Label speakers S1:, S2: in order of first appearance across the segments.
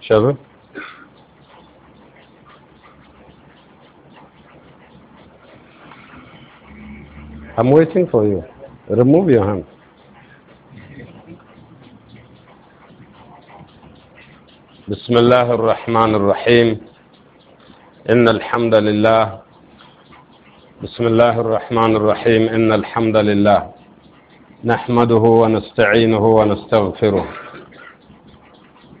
S1: شباب I'm waiting for you. Remove your hand. بسم الله الرحمن الرحيم إن الحمد لله بسم الله الرحمن الرحيم إن الحمد لله نحمده ونستعينه ونستغفره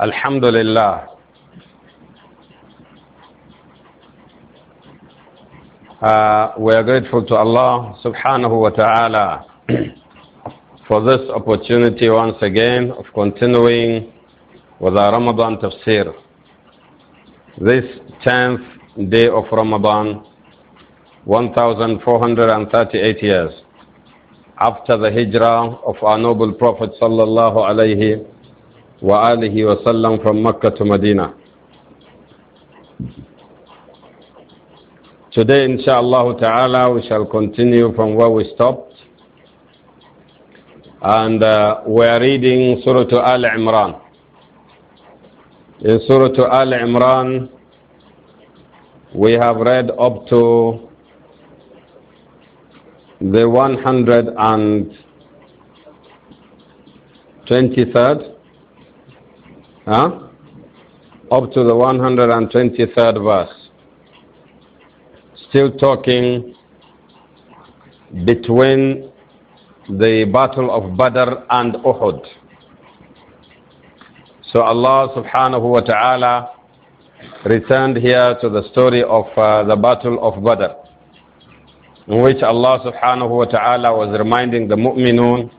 S1: Alhamdulillah. Uh, we are grateful to Allah subhanahu wa ta'ala for this opportunity once again of continuing with our Ramadan tafsir. This 10th day of Ramadan, 1438 years after the hijrah of our noble Prophet sallallahu alayhi wa alihi wa from Mecca to Medina. Today, inshallah ta'ala, we shall continue from where we stopped. And uh, we are reading Surah Al Imran. In Surah Al Imran, we have read up to the 123rd Huh? Up to the 123rd verse. Still talking between the battle of Badr and Uhud. So Allah subhanahu wa ta'ala returned here to the story of uh, the battle of Badr, in which Allah subhanahu wa ta'ala was reminding the mu'minun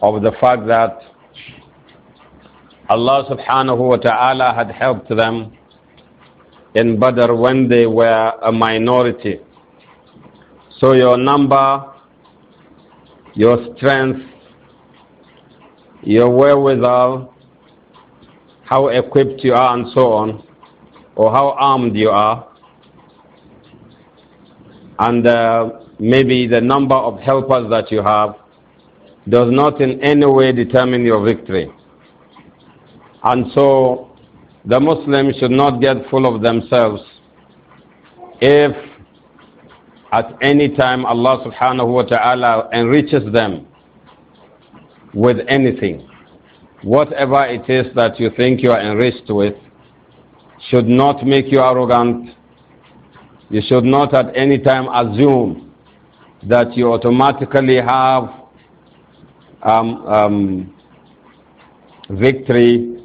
S1: of the fact that Allah subhanahu wa ta'ala had helped them in Badr when they were a minority. So your number, your strength, your wherewithal, how equipped you are and so on, or how armed you are, and uh, maybe the number of helpers that you have does not in any way determine your victory. And so the Muslims should not get full of themselves if at any time Allah subhanahu wa ta'ala enriches them with anything. Whatever it is that you think you are enriched with should not make you arrogant. You should not at any time assume that you automatically have um, um, victory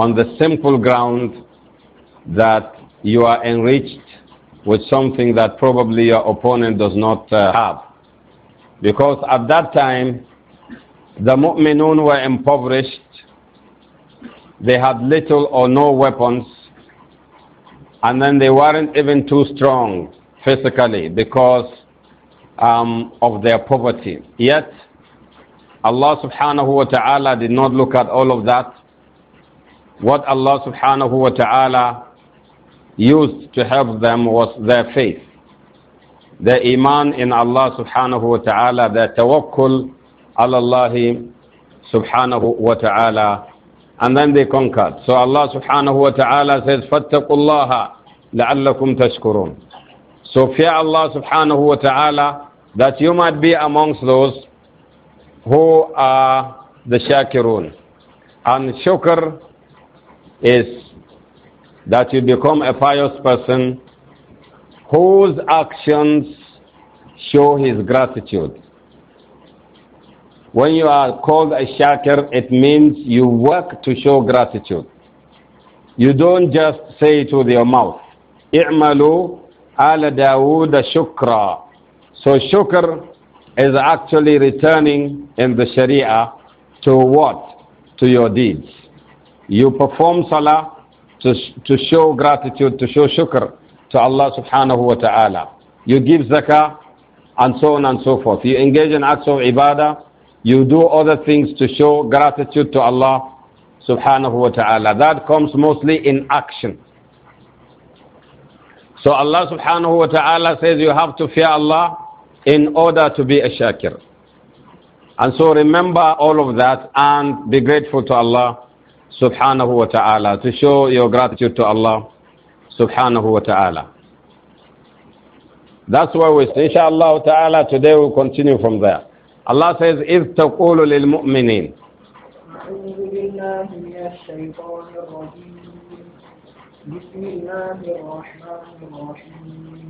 S1: on the simple ground that you are enriched with something that probably your opponent does not uh, have. Because at that time, the mu'minun were impoverished. They had little or no weapons. And then they weren't even too strong physically because um, of their poverty. Yet, Allah subhanahu wa ta'ala did not look at all of that what Allah subhanahu wa ta'ala used to help them was their faith. Their iman in Allah subhanahu wa ta'ala, their tawakkul ala Allah subhanahu wa ta'ala. And then they conquered. So Allah subhanahu wa ta'ala says, فَاتَّقُوا اللَّهَ لَعَلَّكُمْ تَشْكُرُونَ So fear Allah subhanahu wa ta'ala that you might be amongst those who are the shakirun. And shukr is that you become a pious person whose actions show his gratitude. When you are called a shaker, it means you work to show gratitude. You don't just say it with your mouth. I'malu ala Dawood shukra. So shukr is actually returning in the sharia to what? To your deeds. You perform salah to, to show gratitude, to show shukr to Allah subhanahu wa ta'ala. You give zakah and so on and so forth. You engage in acts of ibadah. You do other things to show gratitude to Allah subhanahu wa ta'ala. That comes mostly in action. So Allah subhanahu wa ta'ala says you have to fear Allah in order to be a shakir. And so remember all of that and be grateful to Allah subhanahu wa ta'ala, to show your gratitude to Allah subhanahu wa ta'ala. That's why we say, inshallah ta'ala, today we'll continue from there. Allah says, إِذْ تَقُولُ لِلْمُؤْمِنِينَ أعوذ بالله من الشيطان الرجيم بسم الله الرحمن الرحيم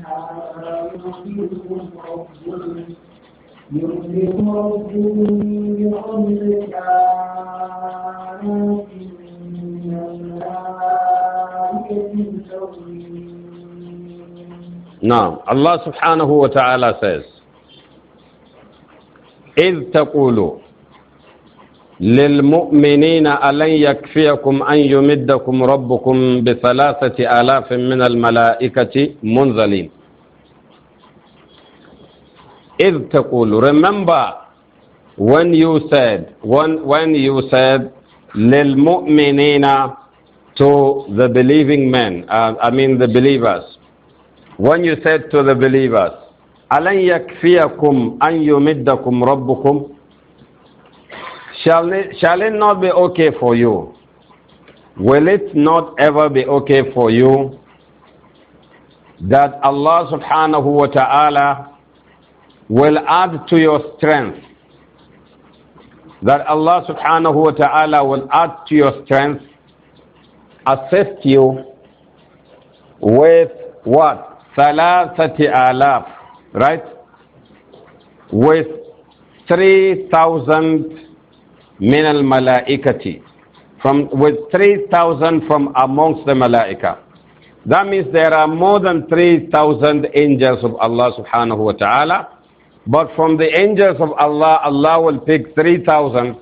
S1: نعم الله سبحانه وتعالى says, إذ تقولوا للمؤمنين ألن يكفيكم أن يمدكم ربكم بثلاثة آلاف من الملائكة منزلين إِذْ تَقُولُ Remember when you said, when, when you said, لِلْمُؤْمِنِينَ to the believing men, uh, I mean the believers. When you said to the believers, أَلَنْ يَكْفِيَكُمْ أَنْ يُمِدَّكُمْ رَبُّكُمْ Shall it, shall it not be okay for you? Will it not ever be okay for you that Allah subhanahu wa ta'ala will add to your strength. That Allah subhanahu wa ta'ala will add to your strength, assist you with what? Thalathati alaf, right? With 3,000 min al malaikati, from, with 3,000 from amongst the malaika. That means there are more than 3,000 angels of Allah subhanahu wa ta'ala but from the angels of Allah, Allah will pick 3,000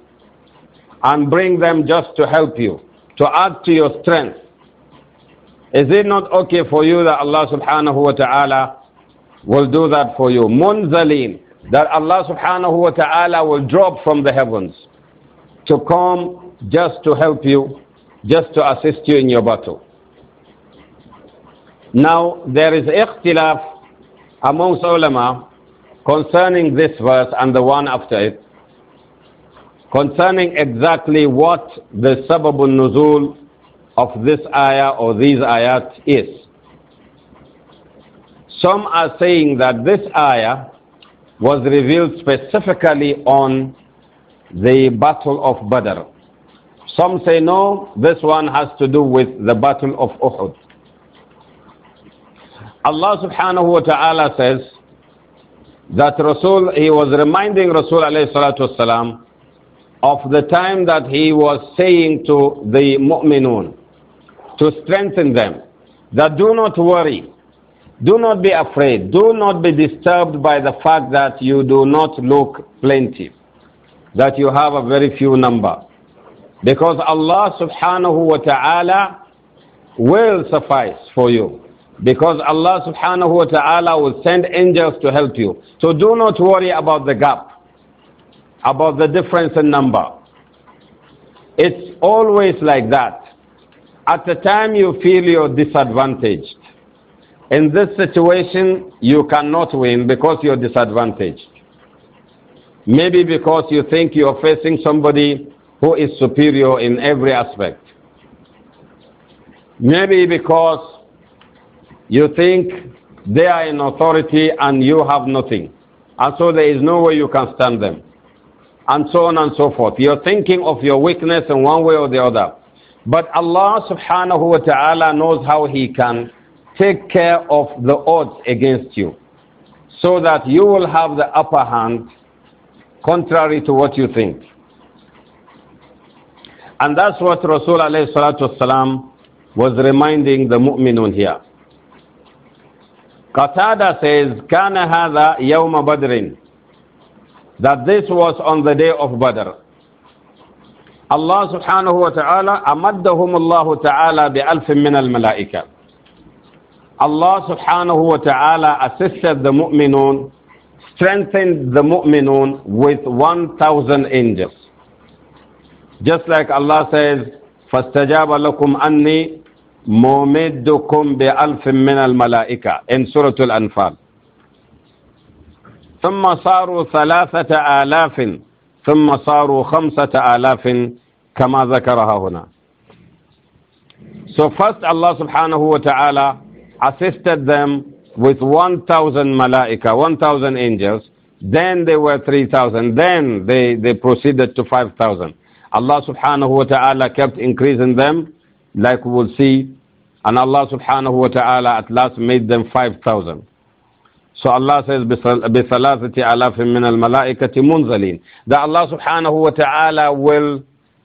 S1: and bring them just to help you, to add to your strength. Is it not okay for you that Allah subhanahu wa ta'ala will do that for you? Munzaleen, that Allah subhanahu wa ta'ala will drop from the heavens to come just to help you, just to assist you in your battle. Now, there is ikhtilaf amongst ulama concerning this verse and the one after it, concerning exactly what the sababun nuzul of this ayah or these ayat is. Some are saying that this ayah was revealed specifically on the Battle of Badr. Some say no, this one has to do with the Battle of Uhud. Allah subhanahu wa ta'ala says, that Rasul, he was reminding Rasul والسلام, of the time that he was saying to the mu'minun to strengthen them that do not worry, do not be afraid, do not be disturbed by the fact that you do not look plenty, that you have a very few number. Because Allah subhanahu wa ta'ala will suffice for you. Because Allah subhanahu wa ta'ala will send angels to help you. So do not worry about the gap, about the difference in number. It's always like that. At the time you feel you're disadvantaged. In this situation, you cannot win because you're disadvantaged. Maybe because you think you're facing somebody who is superior in every aspect. Maybe because you think they are in authority and you have nothing. And so there is no way you can stand them. And so on and so forth. You're thinking of your weakness in one way or the other. But Allah subhanahu wa ta'ala knows how He can take care of the odds against you so that you will have the upper hand contrary to what you think. And that's what Rasul was reminding the mu'minun here. Qatada says, Kana hadha yawma badrin. That this was on the day of Badr. Allah subhanahu wa ta'ala amaddahum Allah ta'ala bi alfin min al malaika. Allah subhanahu wa ta'ala assisted the mu'minun, strengthened the mu'minun with 1,000 angels. Just like Allah says, فَاسْتَجَابَ لَكُمْ أَنِّي ممدكم بألف من الملائكة إن سورة الأنفال ثم صاروا ثلاثة آلاف ثم صاروا خمسة آلاف كما ذكرها هنا So first Allah subhanahu wa ta'ala assisted them with 1,000 malaika, 1,000 angels. Then they were 3,000. Then they, they proceeded to 5,000. Allah subhanahu wa ta'ala kept increasing them, like we will see And Allah subhanahu wa ta'ala at last made them 5,000. So Allah says, بِثَلَاثَةِ أَلَافٍ مِّنَ الْمَلَائِكَةِ مُنْزَلِينَ That Allah subhanahu wa ta'ala will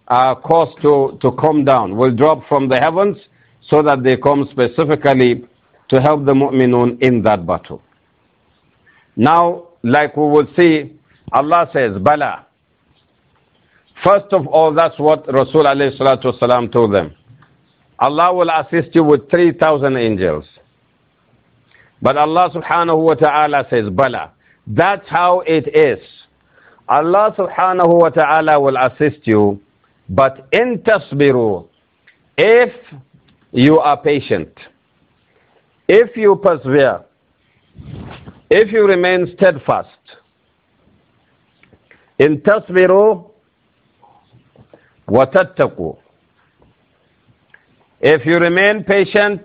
S1: uh, cause to, to come down, will drop from the heavens so that they come specifically to help the mu'minun in that battle. Now, like we will see, Allah says, Bala. First of all, that's what Rasul alayhi salatu told them. Allah will assist you with 3,000 angels. But Allah subhanahu wa ta'ala says, Bala. That's how it is. Allah subhanahu wa ta'ala will assist you, but in tasbiru, if you are patient, if you persevere, if you remain steadfast, in tasbiru, وتتقوا if you remain patient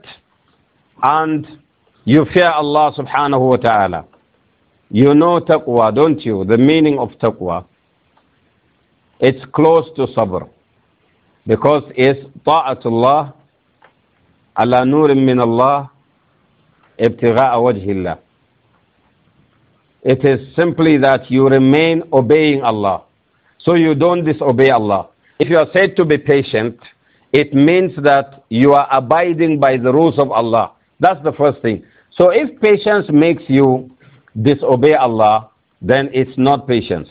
S1: and you fear Allah subhanahu wa ta'ala, you know taqwa, don't you? The meaning of taqwa. It's close to sabr. Because it's ta'atullah, ala nurim min Allah, ibtigha'a wajhillah. It is simply that you remain obeying Allah. So you don't disobey Allah. If you are said to be patient, it means that you are abiding by the rules of Allah. That's the first thing. So if patience makes you disobey Allah, then it's not patience.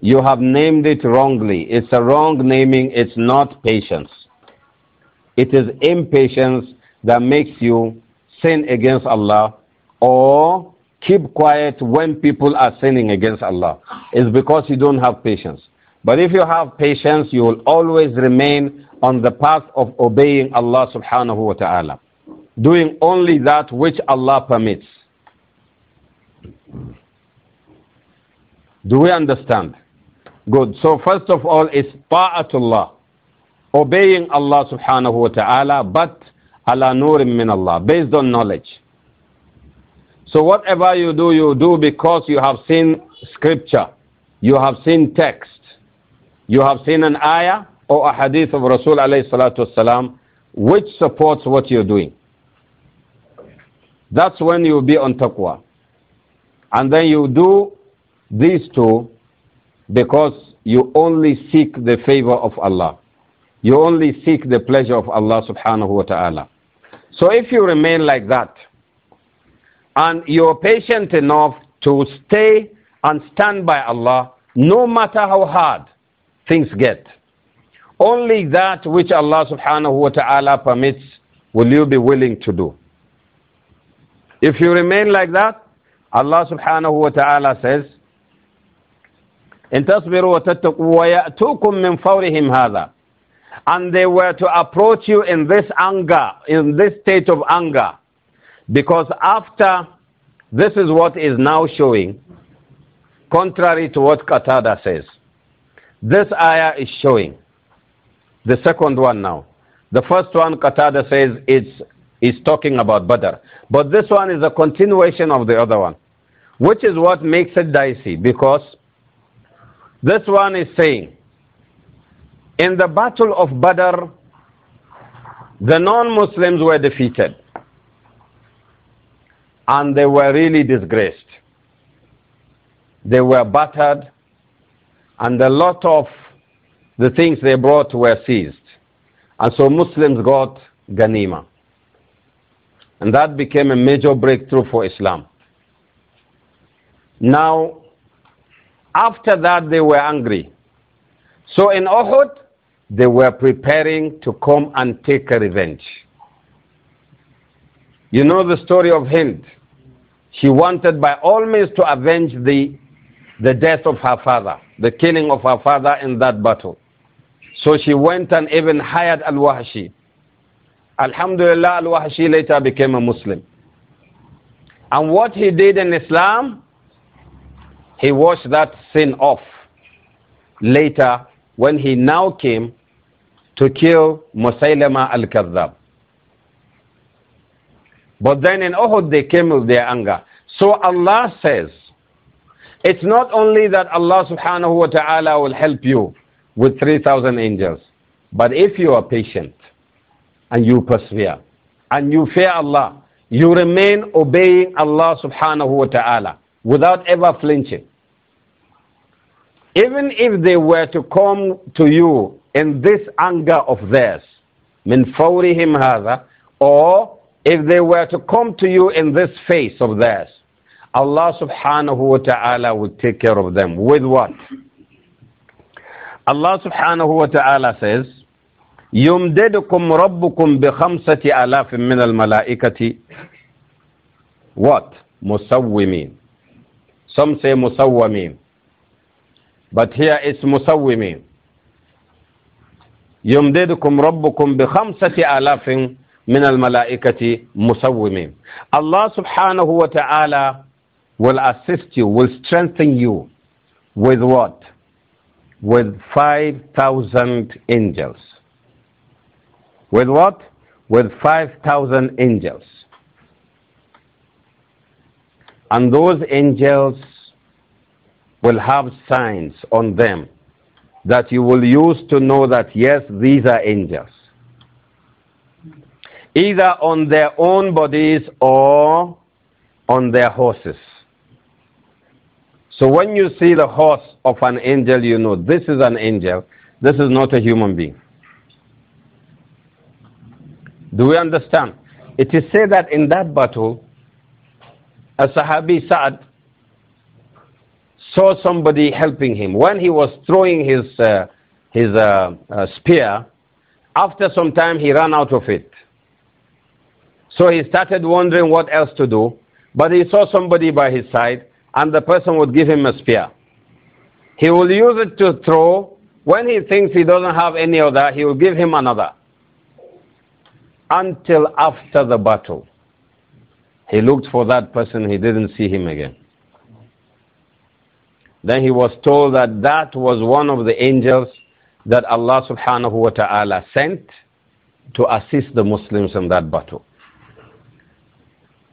S1: You have named it wrongly. It's a wrong naming. It's not patience. It is impatience that makes you sin against Allah or keep quiet when people are sinning against Allah. It's because you don't have patience. But if you have patience, you will always remain on the path of obeying Allah subhanahu wa ta'ala, doing only that which Allah permits. Do we understand? Good. So first of all, it's ta'atullah, obeying Allah subhanahu wa ta'ala, but ala nurim min Allah, based on knowledge. So whatever you do, you do because you have seen scripture, you have seen text, you have seen an ayah or a hadith of Rasul alayhi salatu wasalam which supports what you're doing. That's when you'll be on taqwa. And then you do these two because you only seek the favor of Allah. You only seek the pleasure of Allah subhanahu wa ta'ala. So if you remain like that and you're patient enough to stay and stand by Allah no matter how hard, things get. Only that which Allah subhanahu wa ta'ala permits will you be willing to do. If you remain like that, Allah subhanahu wa ta'ala says, إن تصبروا وتتقوا ويأتوكم من فورهم هذا and they were to approach you in this anger, in this state of anger. Because after, this is what is now showing, contrary to what Qatada says. This ayah is showing. The second one now. The first one, Qatada says, is it's talking about Badr. But this one is a continuation of the other one, which is what makes it dicey because this one is saying, in the battle of Badr, the non Muslims were defeated and they were really disgraced. They were battered and a lot of the things they brought were seized. And so Muslims got Ghanima. And that became a major breakthrough for Islam. Now, after that, they were angry. So in Uhud, they were preparing to come and take a revenge. You know the story of Hind. She wanted by all means to avenge the the death of her father, the killing of her father in that battle. So she went and even hired Al Wahshi. Alhamdulillah, Al Wahshi later became a Muslim. And what he did in Islam, he washed that sin off later when he now came to kill Musaylama al Kadhab. But then in Uhud, they came with their anger. So Allah says, it's not only that Allah subhanahu wa ta'ala will help you with 3,000 angels, but if you are patient and you persevere and you fear Allah, you remain obeying Allah subhanahu wa ta'ala without ever flinching. Even if they were to come to you in this anger of theirs, min fawrihim hadha, or if they were to come to you in this face of theirs, Allah subhanahu wa ta'ala will take care of them. With what? Allah subhanahu wa ta'ala says, يمددكم ربكم بخمسة آلاف من الملائكة what? مسومين some say مسومين but here it's مسومين يمددكم ربكم بخمسة آلاف من الملائكة مسومين Allah subhanahu wa ta'ala will assist you, will strengthen you with what? With 5,000 angels. With what? With 5,000 angels. And those angels will have signs on them that you will use to know that, yes, these are angels. Either on their own bodies or on their horses. So when you see the horse of an angel, you know this is an angel, this is not a human being. Do we understand? It is said that in that battle, a Sahabi Sa'ad saw somebody helping him. When he was throwing his, uh, his uh, uh, spear, after some time he ran out of it. So he started wondering what else to do, but he saw somebody by his side and the person would give him a spear. He will use it to throw. When he thinks he doesn't have any other, he will give him another. Until after the battle. He looked for that person, he didn't see him again. Then he was told that that was one of the angels that Allah subhanahu wa ta'ala sent to assist the Muslims in that battle.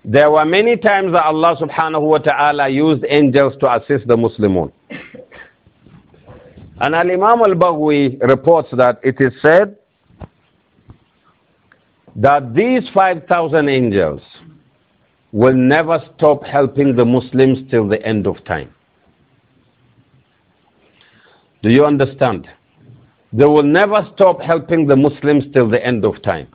S1: There were many times that Allah subhanahu wa ta'ala used angels to assist the Muslimun. And Al-Imam al-Baghawi reports that it is said that these 5,000 angels will never stop helping the Muslims till the end of time. Do you understand? They will never stop helping the Muslims till the end of time.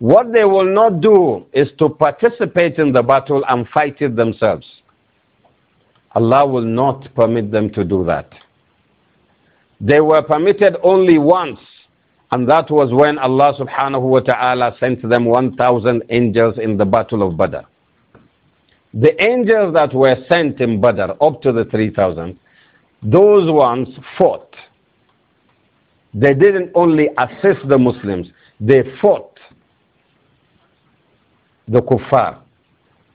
S1: What they will not do is to participate in the battle and fight it themselves. Allah will not permit them to do that. They were permitted only once, and that was when Allah subhanahu wa ta'ala sent them 1,000 angels in the battle of Badr. The angels that were sent in Badr, up to the 3,000, those ones fought. They didn't only assist the Muslims, they fought the kuffar.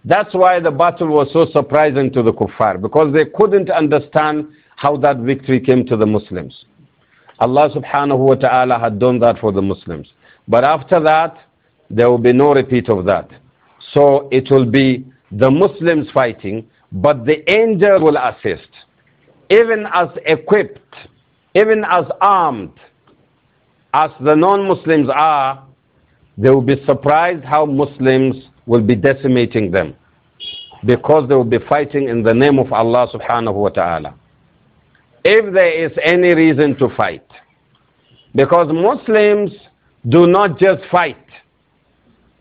S1: That's why the battle was so surprising to the kuffar, because they couldn't understand how that victory came to the Muslims. Allah subhanahu wa ta'ala had done that for the Muslims. But after that, there will be no repeat of that. So it will be the Muslims fighting, but the angel will assist. Even as equipped, even as armed as the non Muslims are, they will be surprised how Muslims will be decimating them because they will be fighting in the name of Allah subhanahu wa ta'ala. If there is any reason to fight, because Muslims do not just fight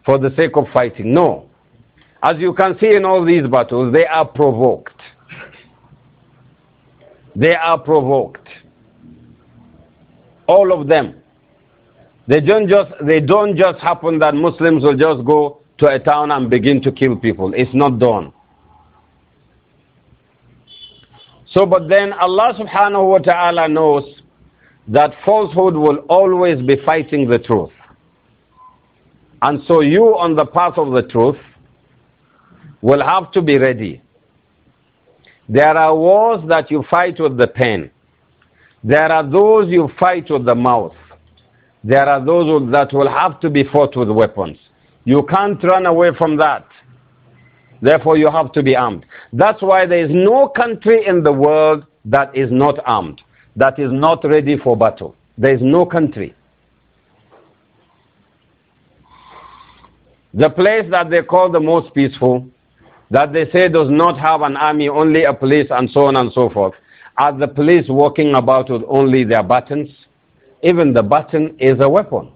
S1: for the sake of fighting. No. As you can see in all these battles, they are provoked. They are provoked. All of them. They don't just, they don't just happen that Muslims will just go to a town and begin to kill people. It's not done. So, but then Allah subhanahu wa ta'ala knows that falsehood will always be fighting the truth. And so you on the path of the truth will have to be ready. There are wars that you fight with the pen. There are those you fight with the mouth. There are those that will have to be fought with weapons. You can't run away from that. Therefore, you have to be armed. That's why there is no country in the world that is not armed, that is not ready for battle. There is no country. The place that they call the most peaceful, that they say does not have an army, only a police, and so on and so forth, are the police walking about with only their batons? even the button is a weapon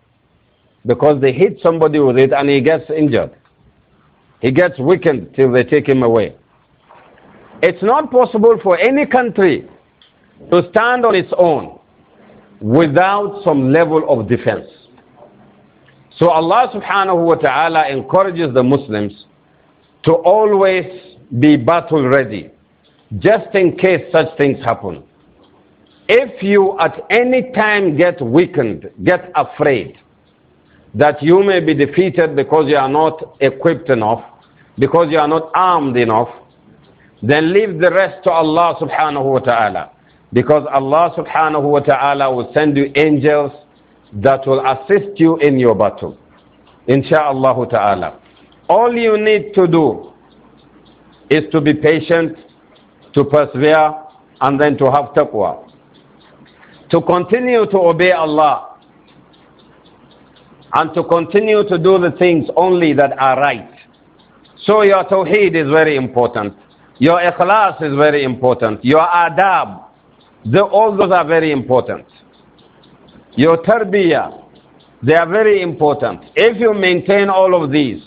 S1: because they hit somebody with it and he gets injured. He gets weakened till they take him away. It's not possible for any country to stand on its own without some level of defense. So Allah subhanahu wa ta'ala encourages the Muslims to always be battle ready, just in case such things happen if you at any time get weakened, get afraid that you may be defeated because you are not equipped enough, because you are not armed enough, then leave the rest to Allah subhanahu wa ta'ala. Because Allah subhanahu wa ta'ala will send you angels that will assist you in your battle. Insha'Allah ta'ala. All you need to do is to be patient, to persevere, and then to have taqwa to continue to obey Allah and to continue to do the things only that are right. So your tawheed is very important. Your ikhlas is very important. Your adab, the, all those are very important. Your tarbiyah, they are very important. If you maintain all of these,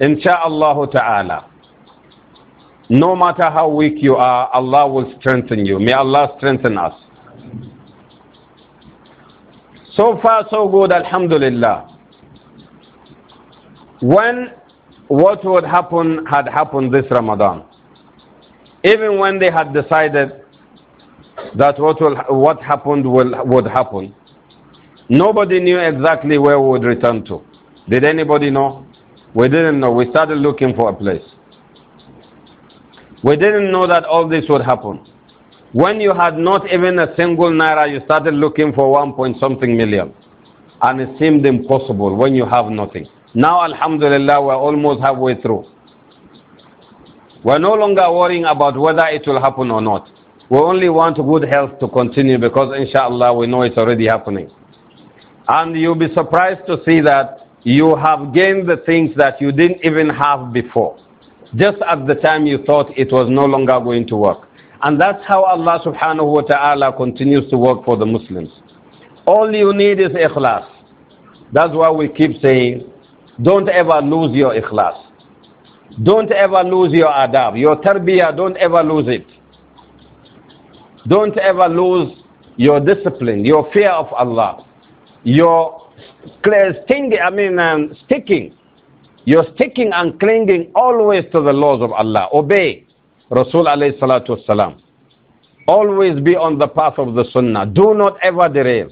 S1: insha'Allah ta'ala, no matter how weak you are, Allah will strengthen you. May Allah strengthen us. So far, so good, alhamdulillah. When what would happen had happened this Ramadan, even when they had decided that what, will, what happened will, would happen, nobody knew exactly where we would return to. Did anybody know? We didn't know. We started looking for a place. We didn't know that all this would happen. When you had not even a single naira, you started looking for one point something million. And it seemed impossible when you have nothing. Now, alhamdulillah, we're almost halfway through. We're no longer worrying about whether it will happen or not. We only want good health to continue because, inshallah, we know it's already happening. And you'll be surprised to see that you have gained the things that you didn't even have before, just at the time you thought it was no longer going to work. And that's how Allah subhanahu wa ta'ala continues to work for the Muslims. All you need is ikhlas. That's why we keep saying, don't ever lose your ikhlas. Don't ever lose your adab. Your tarbiyah, don't ever lose it. Don't ever lose your discipline, your fear of Allah, your sting, I mean, um, sticking. You're sticking and clinging always to the laws of Allah. Obey. Rasul alayhi salatu wasalam. Always be on the path of the sunnah. Do not ever derail.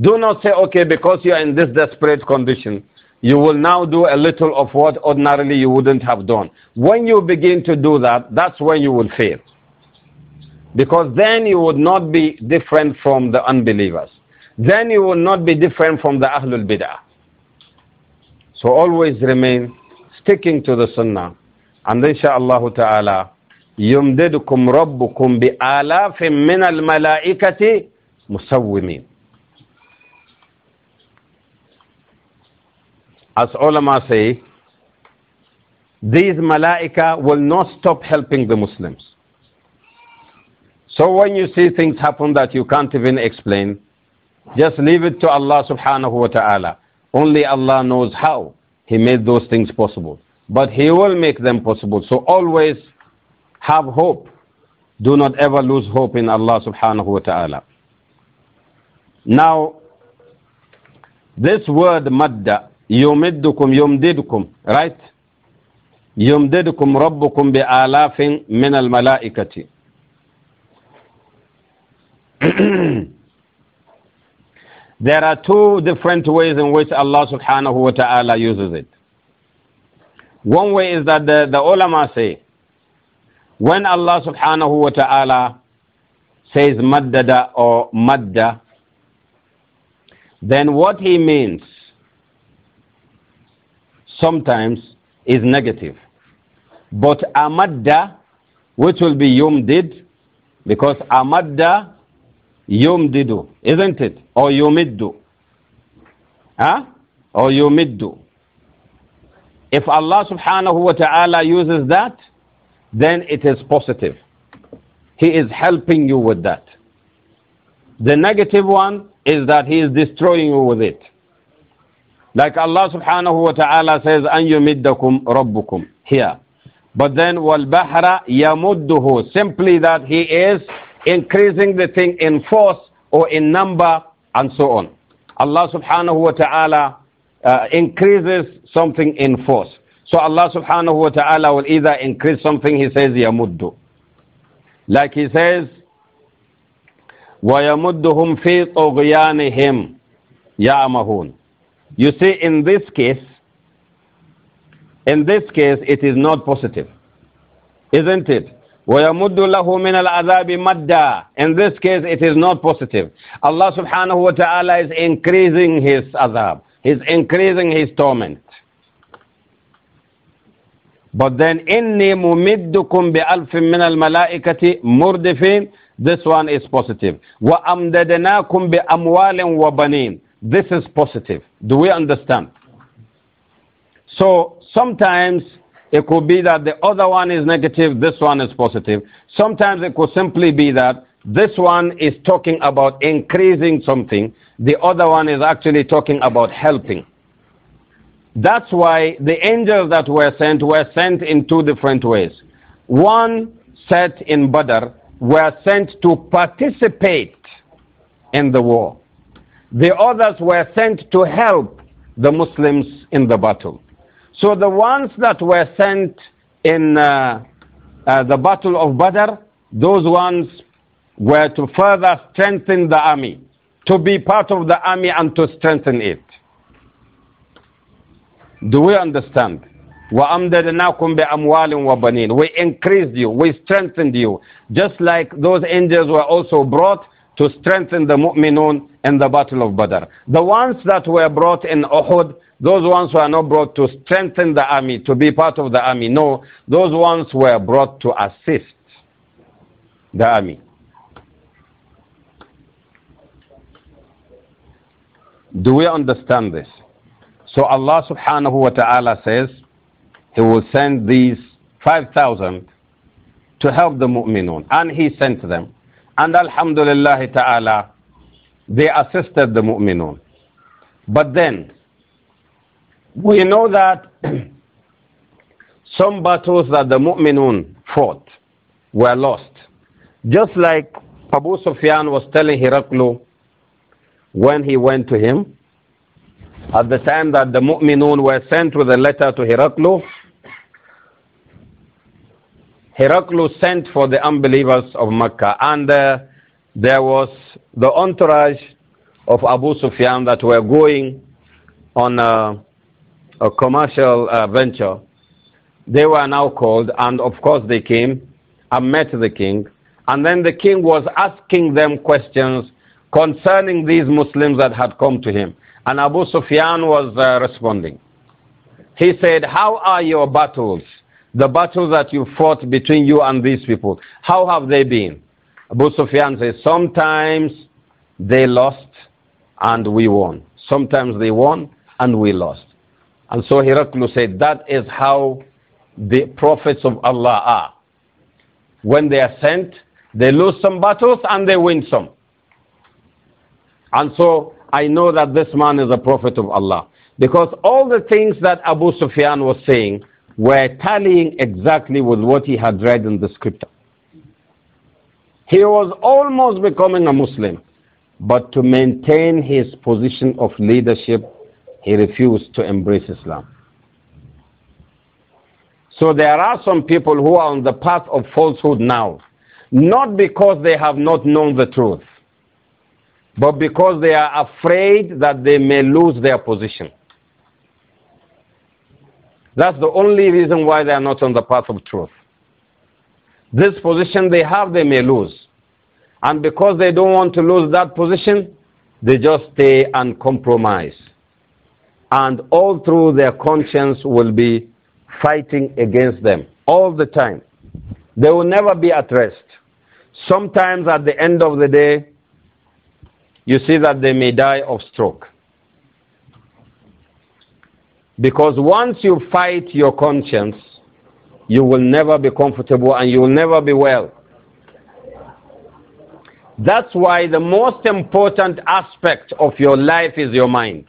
S1: Do not say, okay, because you are in this desperate condition, you will now do a little of what ordinarily you wouldn't have done. When you begin to do that, that's when you will fail. Because then you would not be different from the unbelievers. Then you will not be different from the Ahlul Bid'ah. So always remain sticking to the Sunnah. And inshaAllah ta'ala, يمددكم ربكم بآلاف من الملائكة مسومين As ulama say, these malaika will not stop helping the Muslims. So when you see things happen that you can't even explain, just leave it to Allah subhanahu wa ta'ala. Only Allah knows how He made those things possible. But He will make them possible. So always have hope. Do not ever lose hope in Allah subhanahu wa ta'ala. Now, this word madda, yumiddukum yumdidukum, right? Yumdidukum rabbukum bi alafin min al malaikati. there are two different ways in which Allah subhanahu wa ta'ala uses it. One way is that the, the ulama say, when Allah subhanahu wa ta'ala says maddada or madda, then what he means sometimes is negative. But amadda, which will be yumdid, because amadda yumdidu, isn't it? Or yumiddu. Huh? Or yumiddu. If Allah subhanahu wa ta'ala uses that, then it is positive. He is helping you with that. The negative one is that he is destroying you with it. Like Allah subhanahu wa ta'ala says, أَن يُمِدَّكُمْ رَبُّكُمْ Here. But then, وَالْبَحْرَ يَمُدُّهُ Simply that he is increasing the thing in force or in number and so on. Allah subhanahu wa ta'ala uh, increases something in force. So Allah subhanahu wa ta'ala will either increase something, He says, يَمُدُّ Like He says, وَيَمُدُّهُمْ فِي طُغْيَانِهِمْ يَعْمَهُونَ You see, in this case, in this case, it is not positive. Isn't it? وَيَمُدُّ لَهُ مِنَ الْعَذَابِ مَدَّا In this case, it is not positive. Allah subhanahu wa ta'ala is increasing His azab. He's increasing His torment. But then, إِنِّي مُمِدُّكُمْ بِأَلْفٍ مِّنَ الْمَلَائِكَةِ مُرْدِفِينَ This one is positive. وَأَمْدَدَنَاكُمْ بِأَمْوَالٍ وَبَنِينَ This is positive. Do we understand? So, sometimes it could be that the other one is negative, this one is positive. Sometimes it could simply be that this one is talking about increasing something, the other one is actually talking about helping. That's why the angels that were sent were sent in two different ways. One set in Badr were sent to participate in the war. The others were sent to help the Muslims in the battle. So the ones that were sent in uh, uh, the Battle of Badr, those ones were to further strengthen the army, to be part of the army and to strengthen it. Do we understand? وَأَمْدَدْنَاكُمْ بِأَمْوَالٍ وَبَنِينَ We increased you, we strengthened you. Just like those angels were also brought to strengthen the mu'minun in the battle of Badr. The ones that were brought in Uhud, those ones were not brought to strengthen the army, to be part of the army. No, those ones were brought to assist the army. Do we understand this? So Allah subhanahu wa ta'ala says, He will send these 5,000 to help the mu'minun. And He sent them. And alhamdulillah ta'ala, they assisted the mu'minun. But then, we know that some battles that the mu'minun fought were lost. Just like Abu Sufyan was telling Heraklu when he went to him, at the time that the mu'minun were sent with a letter to Heraclus, Heraclus sent for the unbelievers of Mecca, and uh, there was the entourage of Abu Sufyan that were going on a, a commercial uh, venture. They were now called, and of course they came and met the king. And then the king was asking them questions concerning these Muslims that had come to him. And Abu Sufyan was uh, responding. He said, How are your battles? The battles that you fought between you and these people, how have they been? Abu Sufyan says, Sometimes they lost and we won. Sometimes they won and we lost. And so Heraclius said, That is how the prophets of Allah are. When they are sent, they lose some battles and they win some. And so I know that this man is a prophet of Allah. Because all the things that Abu Sufyan was saying were tallying exactly with what he had read in the scripture. He was almost becoming a Muslim, but to maintain his position of leadership, he refused to embrace Islam. So there are some people who are on the path of falsehood now, not because they have not known the truth, but because they are afraid that they may lose their position. That's the only reason why they are not on the path of truth. This position they have, they may lose. And because they don't want to lose that position, they just stay and compromise. And all through their conscience will be fighting against them all the time. They will never be at rest. Sometimes at the end of the day, you see that they may die of stroke. Because once you fight your conscience, you will never be comfortable and you will never be well. That's why the most important aspect of your life is your mind.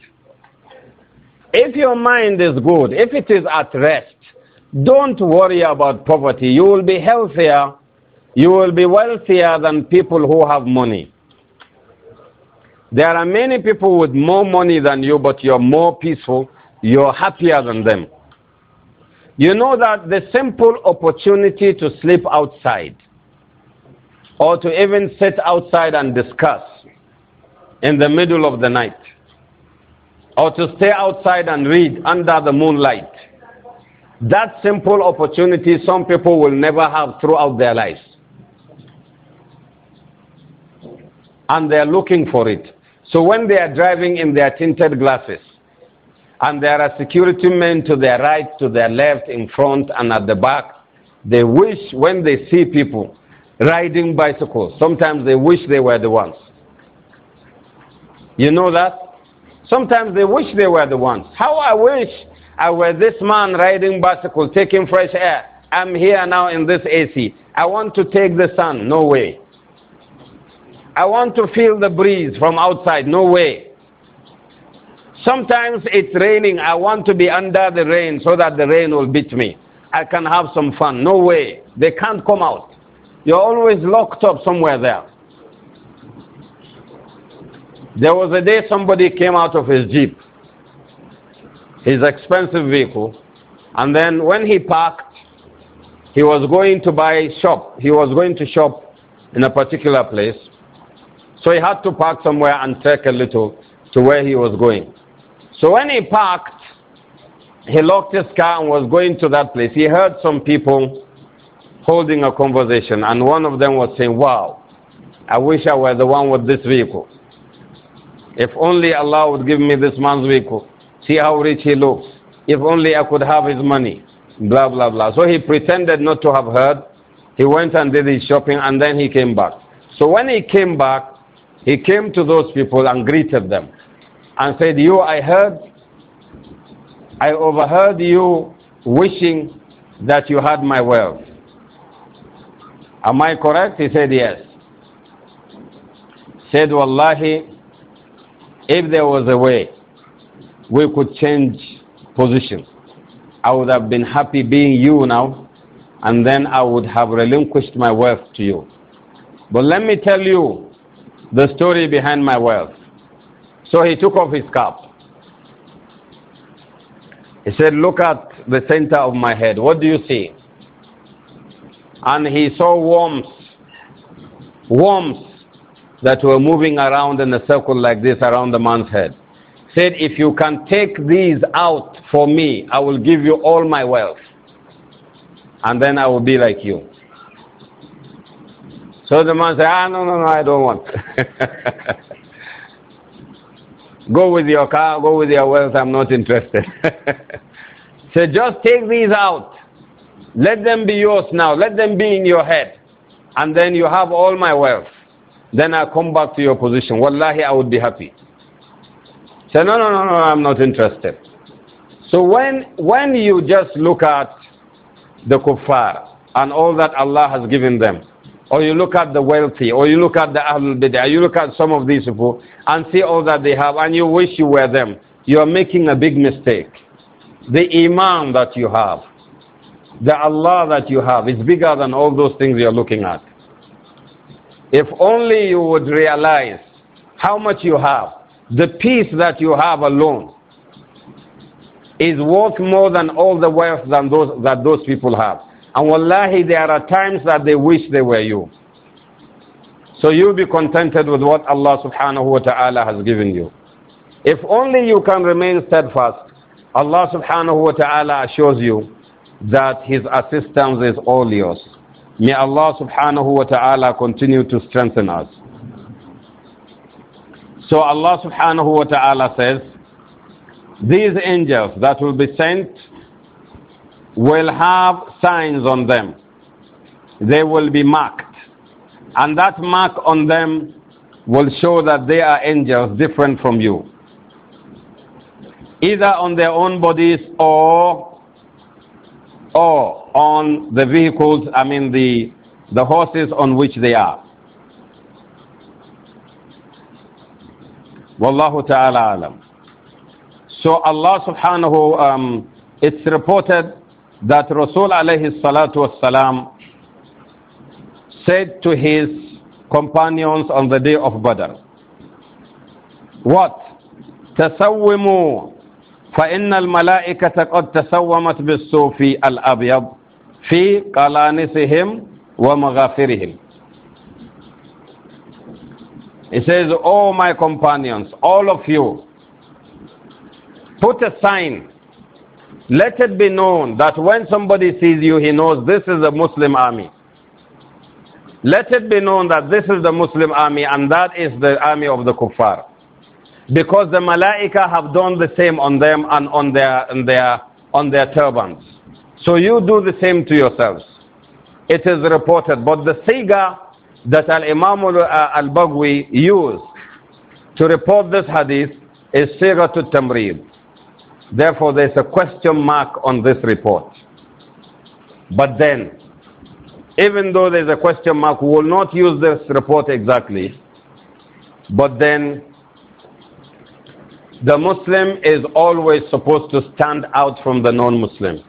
S1: If your mind is good, if it is at rest, don't worry about poverty. You will be healthier, you will be wealthier than people who have money. There are many people with more money than you, but you're more peaceful, you're happier than them. You know that the simple opportunity to sleep outside or to even sit outside and discuss in the middle of the night or to stay outside and read under the moonlight. That simple opportunity some people will never have throughout their lives. And they're looking for it. So when they are driving in their tinted glasses, and there are security men to their right, to their left, in front, and at the back, they wish when they see people riding bicycles, sometimes they wish they were the ones. You know that? Sometimes they wish they were the ones. How I wish I were this man riding bicycle, taking fresh air. I'm here now in this AC. I want to take the sun. No way. I want to feel the breeze from outside. No way. Sometimes it's raining. I want to be under the rain so that the rain will beat me. I can have some fun. No way. They can't come out. You're always locked up somewhere there. There was a day somebody came out of his Jeep, his expensive vehicle, and then when he parked, he was going to buy shop. He was going to shop in a particular place. So he had to park somewhere and trek a little to where he was going. So when he parked, he locked his car and was going to that place. He heard some people holding a conversation, and one of them was saying, Wow, I wish I were the one with this vehicle. If only Allah would give me this man's vehicle. See how rich he looks. If only I could have his money. Blah, blah, blah. So he pretended not to have heard. He went and did his shopping, and then he came back. So when he came back, he came to those people and greeted them and said, You, I heard, I overheard you wishing that you had my wealth. Am I correct? He said, Yes. Said, Wallahi, if there was a way we could change position, I would have been happy being you now, and then I would have relinquished my wealth to you. But let me tell you, the story behind my wealth. So he took off his cap. He said, Look at the center of my head. What do you see? And he saw worms, worms that were moving around in a circle like this around the man's head. Said, If you can take these out for me, I will give you all my wealth. And then I will be like you. So the man said, ah, no, no, no, I don't want. go with your car, go with your wealth, I'm not interested. so just take these out. Let them be yours now. Let them be in your head. And then you have all my wealth. Then I'll come back to your position. Wallahi, I would be happy. Say, no, no, no, no, I'm not interested. So when, when you just look at the kuffar and all that Allah has given them, or you look at the wealthy, or you look at the Ahlul Bid'ah, you look at some of these people and see all that they have and you wish you were them, you are making a big mistake. The Iman that you have, the Allah that you have, is bigger than all those things you're looking at. If only you would realize how much you have, the peace that you have alone is worth more than all the wealth than those, that those people have. And wallahi, there are times that they wish they were you. So you be contented with what Allah subhanahu wa ta'ala has given you. If only you can remain steadfast, Allah subhanahu wa ta'ala assures you that His assistance is all yours. May Allah subhanahu wa ta'ala continue to strengthen us. So Allah subhanahu wa ta'ala says, These angels that will be sent will have signs on them. They will be marked. And that mark on them will show that they are angels different from you. Either on their own bodies or, or on the vehicles, I mean the, the horses on which they are. Wallahu ta'ala alam. So Allah subhanahu, um, it's reported that Rasul alayhi salatu wasalam said to his companions on the day of Badr. What? تسوموا فإن الملائكة قد تسومت بالصوف الأبيض في قلانسهم ومغافرهم. He says, oh my companions, all of you, put a sign Let it be known that when somebody sees you, he knows this is the Muslim army. Let it be known that this is the Muslim army and that is the army of the kuffar. Because the malaika have done the same on them and on their, on their, on their turbans. So you do the same to yourselves. It is reported. But the siga that Al-Imam uh, Al-Bagwi used to report this hadith is siga to tamreed. Therefore, there's a question mark on this report. But then, even though there's a question mark, we will not use this report exactly. But then, the Muslim is always supposed to stand out from the non Muslim.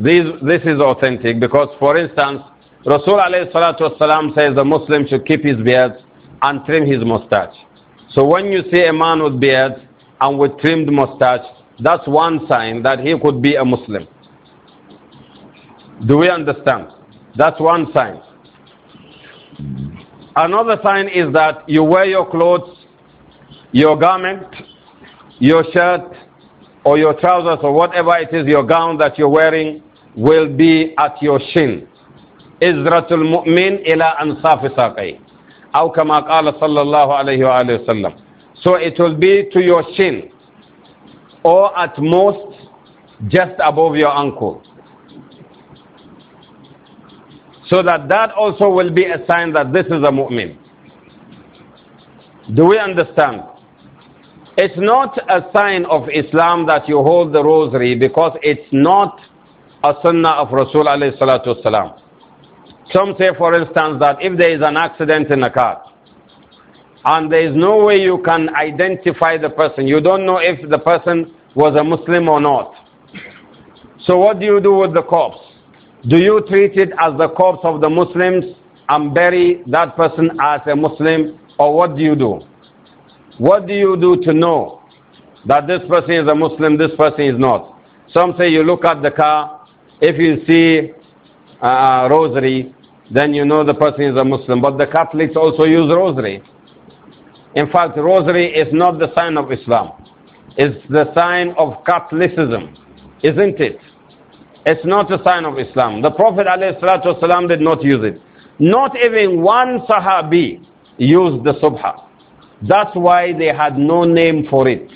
S1: This, this is authentic because, for instance, Rasul says the Muslim should keep his beard and trim his mustache. So when you see a man with beard, and with trimmed mustache, that's one sign that he could be a Muslim. Do we understand? That's one sign. Another sign is that you wear your clothes, your garment, your shirt, or your trousers, or whatever it is, your gown that you're wearing will be at your shin. إزرة المؤمن ila أنصاف ساقيه أو كما قال sallallahu alayhi wa sallam. So it will be to your shin, or at most just above your ankle. So that that also will be a sign that this is a mu'min. Do we understand? It's not a sign of Islam that you hold the rosary because it's not a sunnah of Rasul alayhi salatu Some say, for instance, that if there is an accident in a car, and there is no way you can identify the person. You don't know if the person was a Muslim or not. So what do you do with the corpse? Do you treat it as the corpse of the Muslims and bury that person as a Muslim? Or what do you do? What do you do to know that this person is a Muslim, this person is not? Some say you look at the car, if you see a rosary, then you know the person is a Muslim. But the Catholics also use rosary. In fact, rosary is not the sign of Islam. It's the sign of Catholicism, isn't it? It's not a sign of Islam. The Prophet ﷺ did not use it. Not even one Sahabi used the Subha. That's why they had no name for it.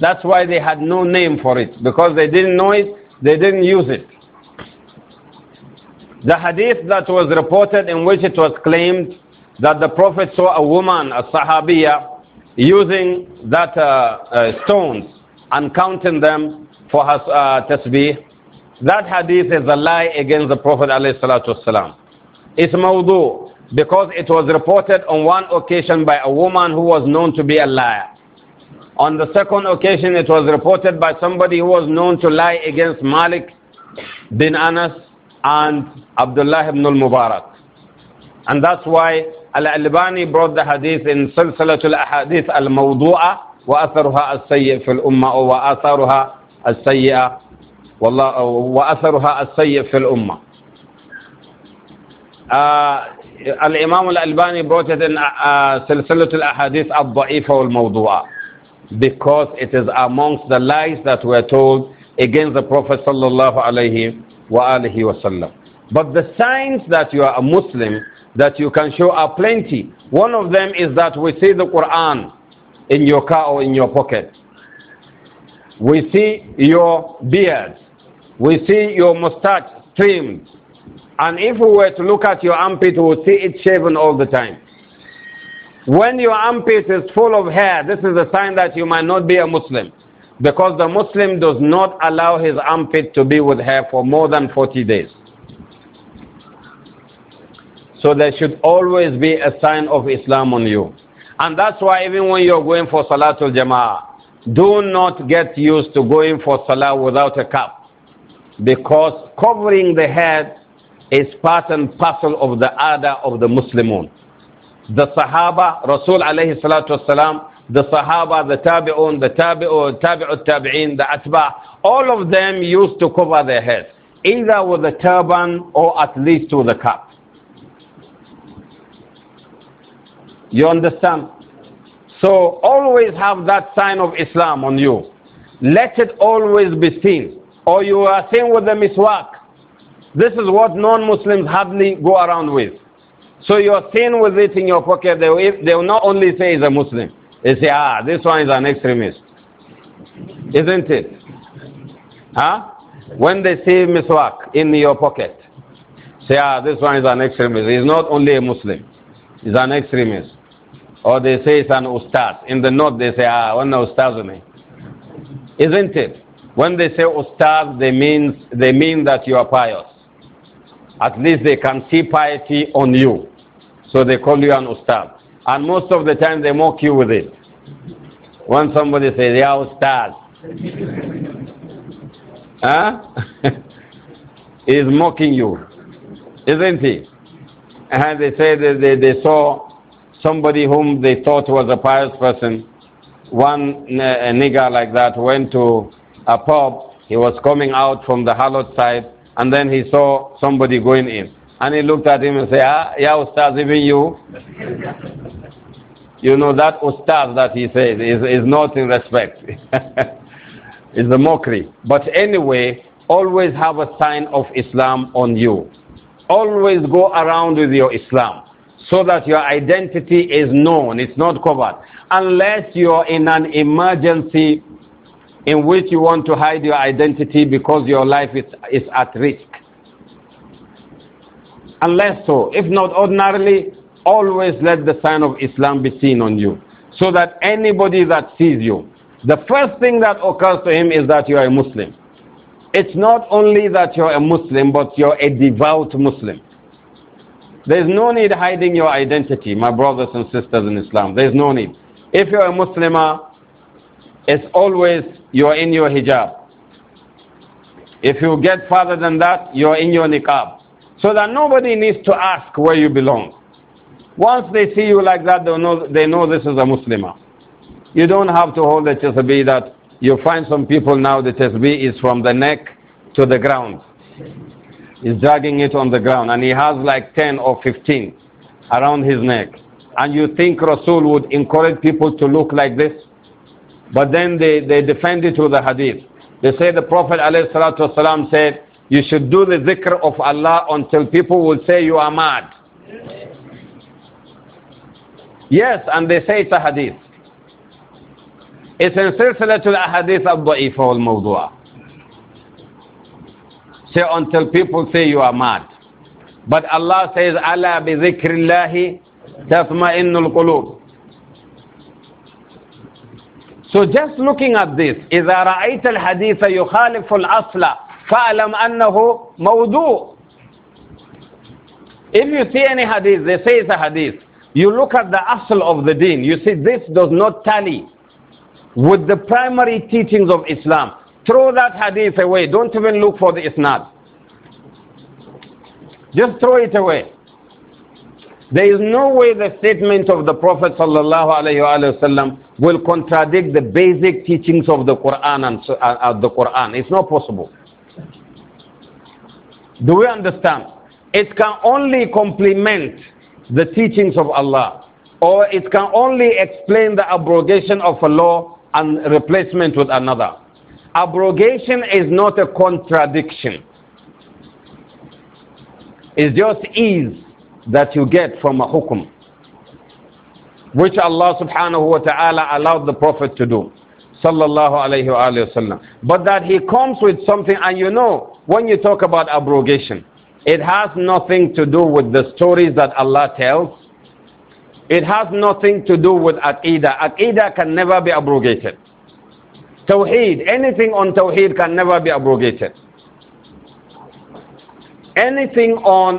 S1: That's why they had no name for it. Because they didn't know it, they didn't use it. The hadith that was reported in which it was claimed that the Prophet saw a woman, a Sahabiya, using that uh, uh, stones and counting them for her uh, tasbih. That hadith is a lie against the Prophet ﷺ. It's mawdu because it was reported on one occasion by a woman who was known to be a liar. On the second occasion, it was reported by somebody who was known to lie against Malik bin Anas and Abdullah ibn al-Mubarak. And that's why الألباني albani brought the hadith in Silsilatul Ahadith al وأثرها السيء في الأمة وأثرها السيئة والله وأثرها السيء في الأمة آه الإمام الألباني brought it in uh, سلسلة الأحاديث الضعيفة والموضوعة because it is amongst the lies that were told against the Prophet صلى الله عليه وآله وسلم but the signs that you are a Muslim that you can show are plenty. One of them is that we see the Quran in your car or in your pocket. We see your beard. We see your mustache trimmed. And if we were to look at your armpit, we would see it shaven all the time. When your armpit is full of hair, this is a sign that you might not be a Muslim. Because the Muslim does not allow his armpit to be with hair for more than 40 days. So there should always be a sign of Islam on you. And that's why even when you're going for Salatul Jama'ah, do not get used to going for Salah without a cap. Because covering the head is part and parcel of the ada of the Muslimun. The Sahaba, Rasul alayhi salatu wasalam, the Sahaba, the Tabi'un, the Tabi'un, Tabi'ut Tabi'in, the Atba, all of them used to cover their heads, either with a turban or at least with a cap. You understand? So always have that sign of Islam on you. Let it always be seen. Or you are seen with the miswak. This is what non-Muslims hardly go around with. So you are seen with it in your pocket. They will, they will not only say he's a Muslim. They say, ah, this one is an extremist. Isn't it? Huh? When they see miswak in your pocket, say, ah, this one is an extremist. He's not only a Muslim. He's an extremist. Or they say it's an ustaz. In the north, they say, ah, one ustaz me. Isn't it? When they say ustaz, they, means, they mean that you are pious. At least they can see piety on you. So they call you an ustaz. And most of the time, they mock you with it. When somebody says, yeah, ustaz. huh? He's mocking you. Isn't he? And uh-huh, they say that they, they saw somebody whom they thought was a pious person, one uh, nigger like that went to a pub. He was coming out from the hallowed side, and then he saw somebody going in. And he looked at him and said, ah, Yeah, Ustaz, even you. you know, that Ustaz that he says is, is not in respect. it's a mockery. But anyway, always have a sign of Islam on you. Always go around with your Islam so that your identity is known, it's not covered. Unless you're in an emergency in which you want to hide your identity because your life is, is at risk. Unless so, if not ordinarily, always let the sign of Islam be seen on you so that anybody that sees you, the first thing that occurs to him is that you are a Muslim. It's not only that you're a Muslim, but you're a devout Muslim. There's no need hiding your identity, my brothers and sisters in Islam. There's no need. If you're a Muslimah, it's always you're in your hijab. If you get further than that, you're in your niqab. So that nobody needs to ask where you belong. Once they see you like that, they know, they know this is a Muslimah. You don't have to hold the tasbih that you find some people now the tasbih is from the neck to the ground is dragging it on the ground, and he has like 10 or 15 around his neck. And you think Rasul would encourage people to look like this? But then they, they defend it with the hadith. They say the Prophet ﷺ said, You should do the zikr of Allah until people will say you are mad. Yes, and they say it's a hadith. It's in Silsilatul Ahadith al ifa al-Mawdu'ah. Say until people say you are mad. But Allah says, Allah bi zikrillahi tatma'innul qulub. So just looking at this, إذا رأيت الحديث يخالف الأصل فألم أنه موضوع. If you see any hadith, they say it's a hadith. You look at the asl of the deen, you see this does not tally with the primary teachings of Islam. Throw that hadith away. Don't even look for the isnad. Just throw it away. There is no way the statement of the Prophet ﷺ will contradict the basic teachings of the Quran and uh, uh, the Quran. It's not possible. Do we understand? It can only complement the teachings of Allah, or it can only explain the abrogation of a law and replacement with another abrogation is not a contradiction. It's just ease that you get from a hukum, which Allah subhanahu wa ta'ala allowed the Prophet to do. Sallallahu alayhi wa sallam. But that he comes with something, and you know, when you talk about abrogation, it has nothing to do with the stories that Allah tells. It has nothing to do with Aqidah. Aqidah can never be abrogated. Tawheed, anything on Tawheed can never be abrogated. Anything on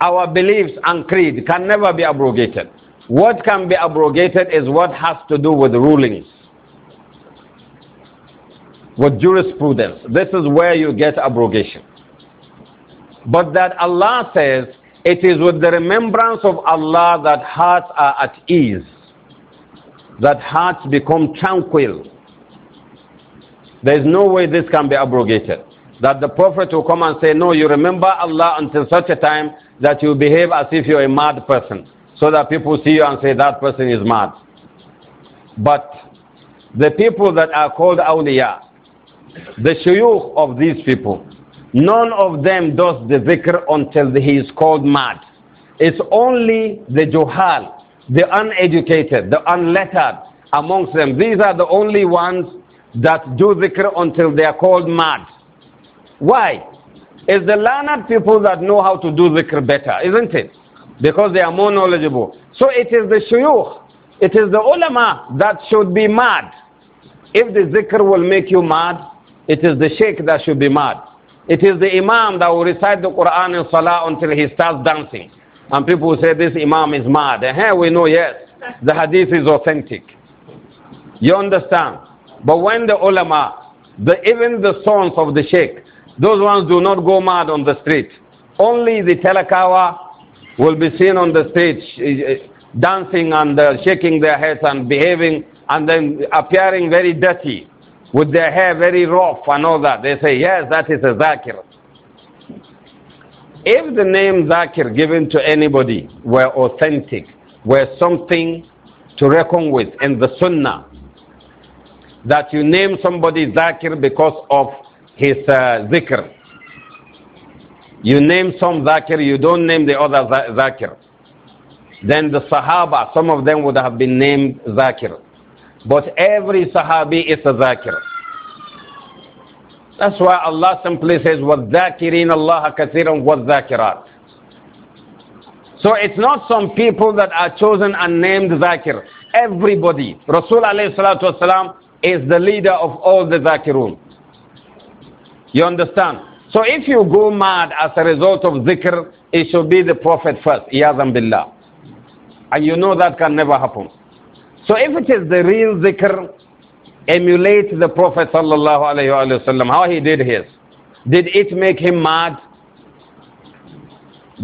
S1: our beliefs and creed can never be abrogated. What can be abrogated is what has to do with rulings, with jurisprudence. This is where you get abrogation. But that Allah says, it is with the remembrance of Allah that hearts are at ease that hearts become tranquil. There is no way this can be abrogated. That the Prophet will come and say, No, you remember Allah until such a time that you behave as if you're a mad person, so that people see you and say, That person is mad. But the people that are called awliya, the shuyukh of these people, none of them does the zikr until he is called mad. It's only the johal the uneducated, the unlettered amongst them. These are the only ones that do zikr until they are called mad. Why? It's the learned people that know how to do zikr better, isn't it? Because they are more knowledgeable. So it is the shuyukh, it is the ulama that should be mad. If the zikr will make you mad, it is the sheikh that should be mad. It is the imam that will recite the Quran in salah until he starts dancing. And people say this Imam is mad. And eh, here we know, yes, the hadith is authentic. You understand? But when the ulama, the, even the sons of the sheikh, those ones do not go mad on the street. Only the telakawa will be seen on the street eh, eh, dancing and uh, shaking their heads and behaving and then appearing very dirty with their hair very rough and all that. They say, yes, that is a zakir. If the name Zakir given to anybody were authentic, were something to reckon with in the Sunnah, that you name somebody Zakir because of his uh, zikr. You name some Zakir, you don't name the other Zakir. Then the Sahaba, some of them would have been named Zakir. But every Sahabi is a Zakir. That's why Allah simply says, وَالذَّاكِرِينَ اللَّهَ كَثِيرًا وَالذَّاكِرَاتِ So it's not some people that are chosen and named Zakir. Everybody. Rasul alayhi is the leader of all the Zakirun. You understand? So if you go mad as a result of zikr, it should be the Prophet first. Iyazam billah. And you know that can never happen. So if it is the real zikr, emulate the Prophet sallallahu how he did his. Did it make him mad?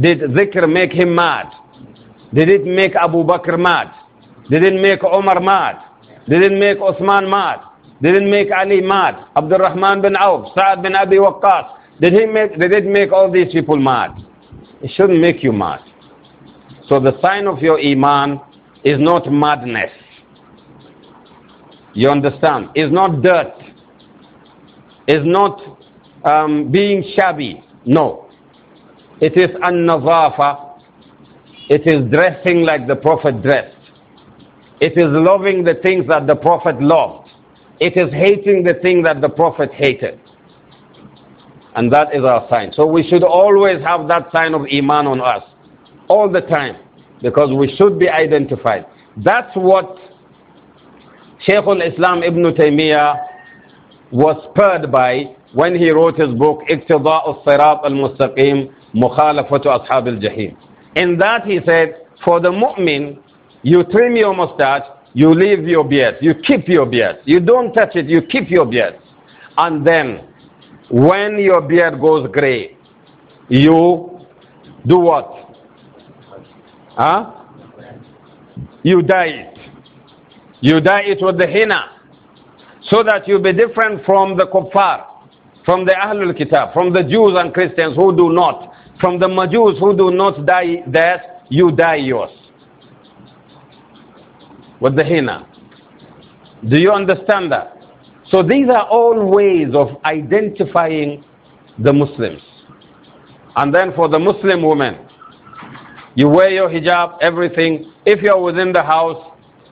S1: Did zikr make him mad? Did it make Abu Bakr mad? Did it make Omar mad? Did it make Osman mad? Did it make Ali mad? Abdul Rahman bin Auf, Sa'ad bin Abi Waqqas. Did, he make, did it make all these people mad? It shouldn't make you mad. So the sign of your iman is not madness. You understand? It's not dirt. It's not um, being shabby. No. It is an-nazafa. It is dressing like the Prophet dressed. It is loving the things that the Prophet loved. It is hating the thing that the Prophet hated. And that is our sign. So we should always have that sign of Iman on us. All the time. Because we should be identified. That's what Shaykh al-Islam Ibn Taymiyyah was spurred by when he wrote his book Iqtida al-Sirat al-Mustaqim Mukhalafatu Ashab al-Jahim. In that he said, for the mu'min, you trim your mustache, you leave your beard, you keep your beard. You don't touch it, you keep your beard. And then, when your beard goes gray, you do what? Huh? You die. You dye it with the henna so that you be different from the kuffar, from the Ahlul Kitab, from the Jews and Christians who do not, from the Majus who do not dye theirs, you dye yours with the henna. Do you understand that? So these are all ways of identifying the Muslims. And then for the Muslim women, you wear your hijab, everything. If you're within the house,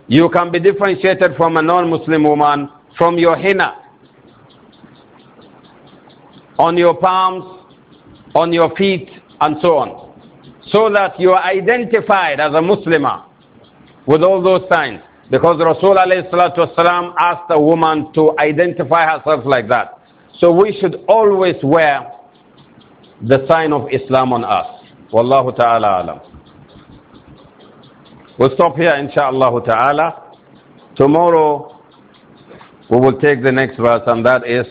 S1: you can be differentiated from a non-Muslim woman from your henna. On your palms, on your feet, and so on. So that you are identified as a Muslimah with all those signs. Because Rasul والسلام, asked a woman to identify herself like that. So we should always wear the sign of Islam on us. Wallahu ta'ala alam. We'll stop here, insha'Allah ta'ala. Tomorrow, we will take the next verse, and that is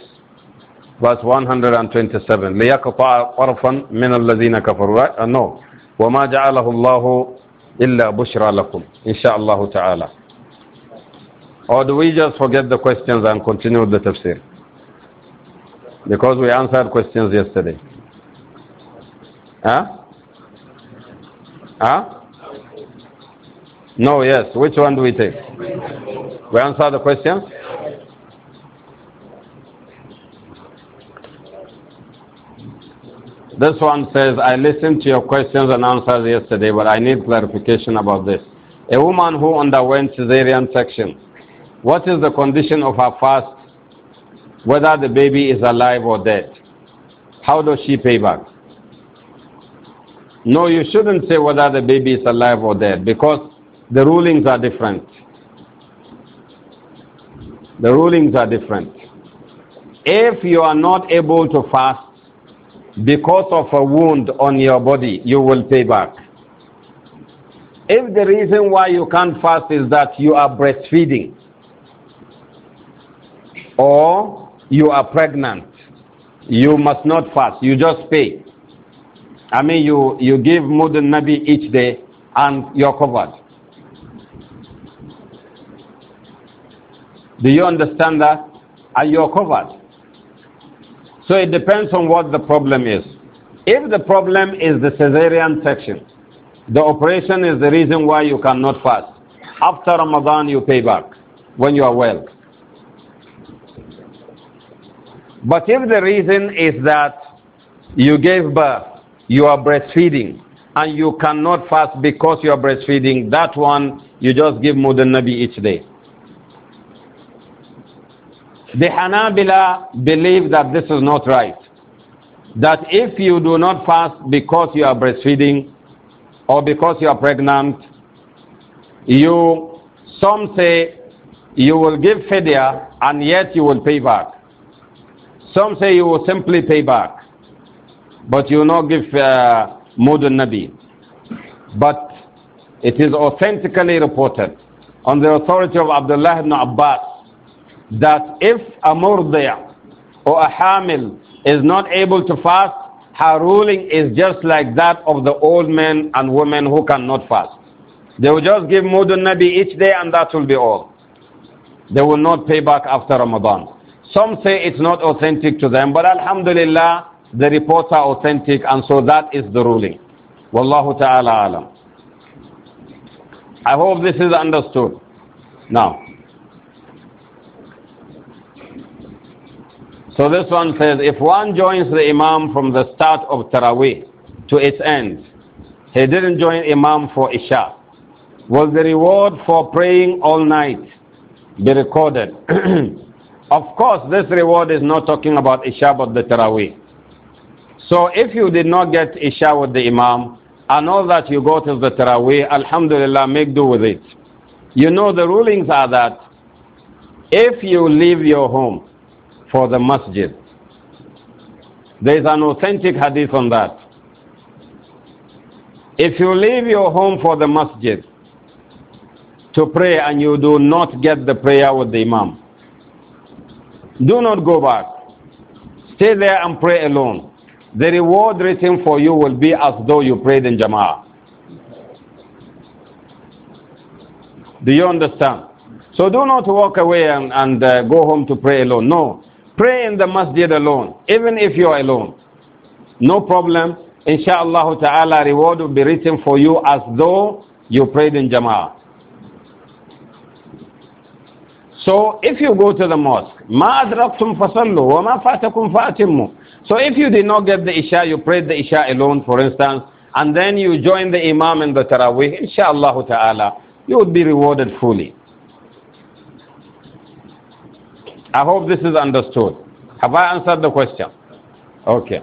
S1: verse 127. لِيَقْطَعَ طَرْفًا مِنَ الَّذِينَ كَفَرُوا uh, No. وَمَا جَعَلَهُ اللَّهُ إِلَّا بُشْرَى لَكُمْ Insha'Allah ta'ala. Or do we just forget the questions and continue with the tafsir? Because we answered questions yesterday. Huh? Huh? No, yes. Which one do we take? We answer the question? This one says, I listened to your questions and answers yesterday, but I need clarification about this. A woman who underwent cesarean section, what is the condition of her fast, whether the baby is alive or dead? How does she pay back? No, you shouldn't say whether the baby is alive or dead because the rulings are different. The rulings are different. If you are not able to fast because of a wound on your body, you will pay back. If the reason why you can't fast is that you are breastfeeding or you are pregnant, you must not fast. You just pay. I mean, you, you give Mudun Nabi each day and you're covered. Do you understand that? Are you covered. So it depends on what the problem is. If the problem is the cesarean section, the operation is the reason why you cannot fast. After Ramadan, you pay back when you are well. But if the reason is that you gave birth, you are breastfeeding, and you cannot fast because you are breastfeeding, that one you just give Mudan Nabi each day. The Hanabila believe that this is not right. That if you do not fast because you are breastfeeding or because you are pregnant, you, some say, you will give fidya and yet you will pay back. Some say you will simply pay back, but you will not give uh, mudun nabi. But it is authentically reported on the authority of Abdullah ibn Abbas that if a murdiya or a hamil is not able to fast, her ruling is just like that of the old men and women who cannot fast. They will just give Mudun Nabi each day and that will be all. They will not pay back after Ramadan. Some say it's not authentic to them, but Alhamdulillah, the reports are authentic and so that is the ruling. Wallahu ta'ala alam. I hope this is understood. Now. So this one says, if one joins the Imam from the start of Taraweeh to its end, he didn't join Imam for Isha, will the reward for praying all night be recorded? of course, this reward is not talking about Isha but the Taraweeh. So if you did not get Isha with the Imam, I know that you go to the Taraweeh, Alhamdulillah, make do with it. You know the rulings are that if you leave your home, for the masjid. There is an authentic hadith on that. If you leave your home for the masjid to pray and you do not get the prayer with the imam, do not go back. Stay there and pray alone. The reward written for you will be as though you prayed in Jama'ah. Do you understand? So do not walk away and, and uh, go home to pray alone. No. Pray in the masjid alone, even if you are alone. No problem. Insha'Allah ta'ala, reward will be written for you as though you prayed in jama'ah. So if you go to the mosque, So if you did not get the Isha, you prayed the Isha alone, for instance, and then you join the Imam in the Taraweeh, inshallah ta'ala, you would be rewarded fully. I hope this is understood. Have I answered the question? Okay.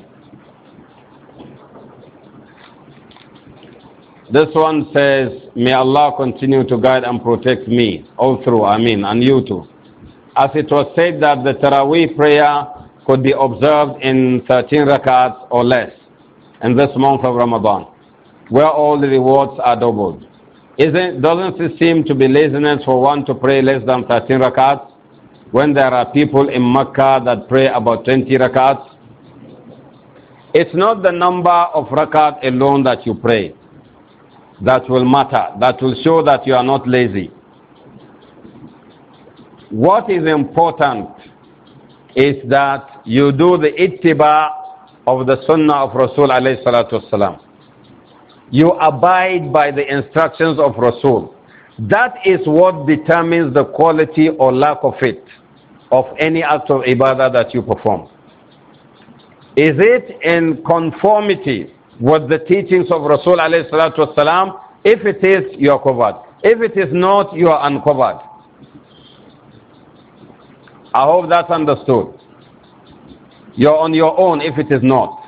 S1: This one says, May Allah continue to guide and protect me all through, I mean, and you too. As it was said that the Taraweeh prayer could be observed in 13 rakats or less in this month of Ramadan, where all the rewards are doubled. Isn't, doesn't it seem to be laziness for one to pray less than 13 rakats? when there are people in Mecca that pray about 20 rakats? It's not the number of rakat alone that you pray that will matter, that will show that you are not lazy. What is important is that you do the ittiba of the sunnah of Rasul alayhi salatu wasalam. You abide by the instructions of Rasul. That is what determines the quality or lack of it of any act of ibadah that you perform? Is it in conformity with the teachings of Rasul alayhi salatu wasalam? If it is, you are covered. If it is not, you are uncovered. I hope that's understood. You're on your own if it is not.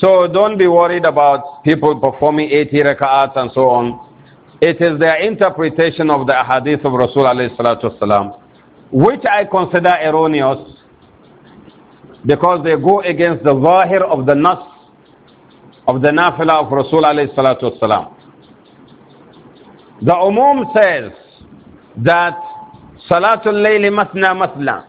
S1: So don't be worried about people performing 80 rak'ats and so on. It is their interpretation of the hadith of Rasul alayhi salatu wasalam which I consider erroneous because they go against the zahir of the nas of the nafila of Rasul alayhi salatu wasalam. The umum says that salatul layli masna masna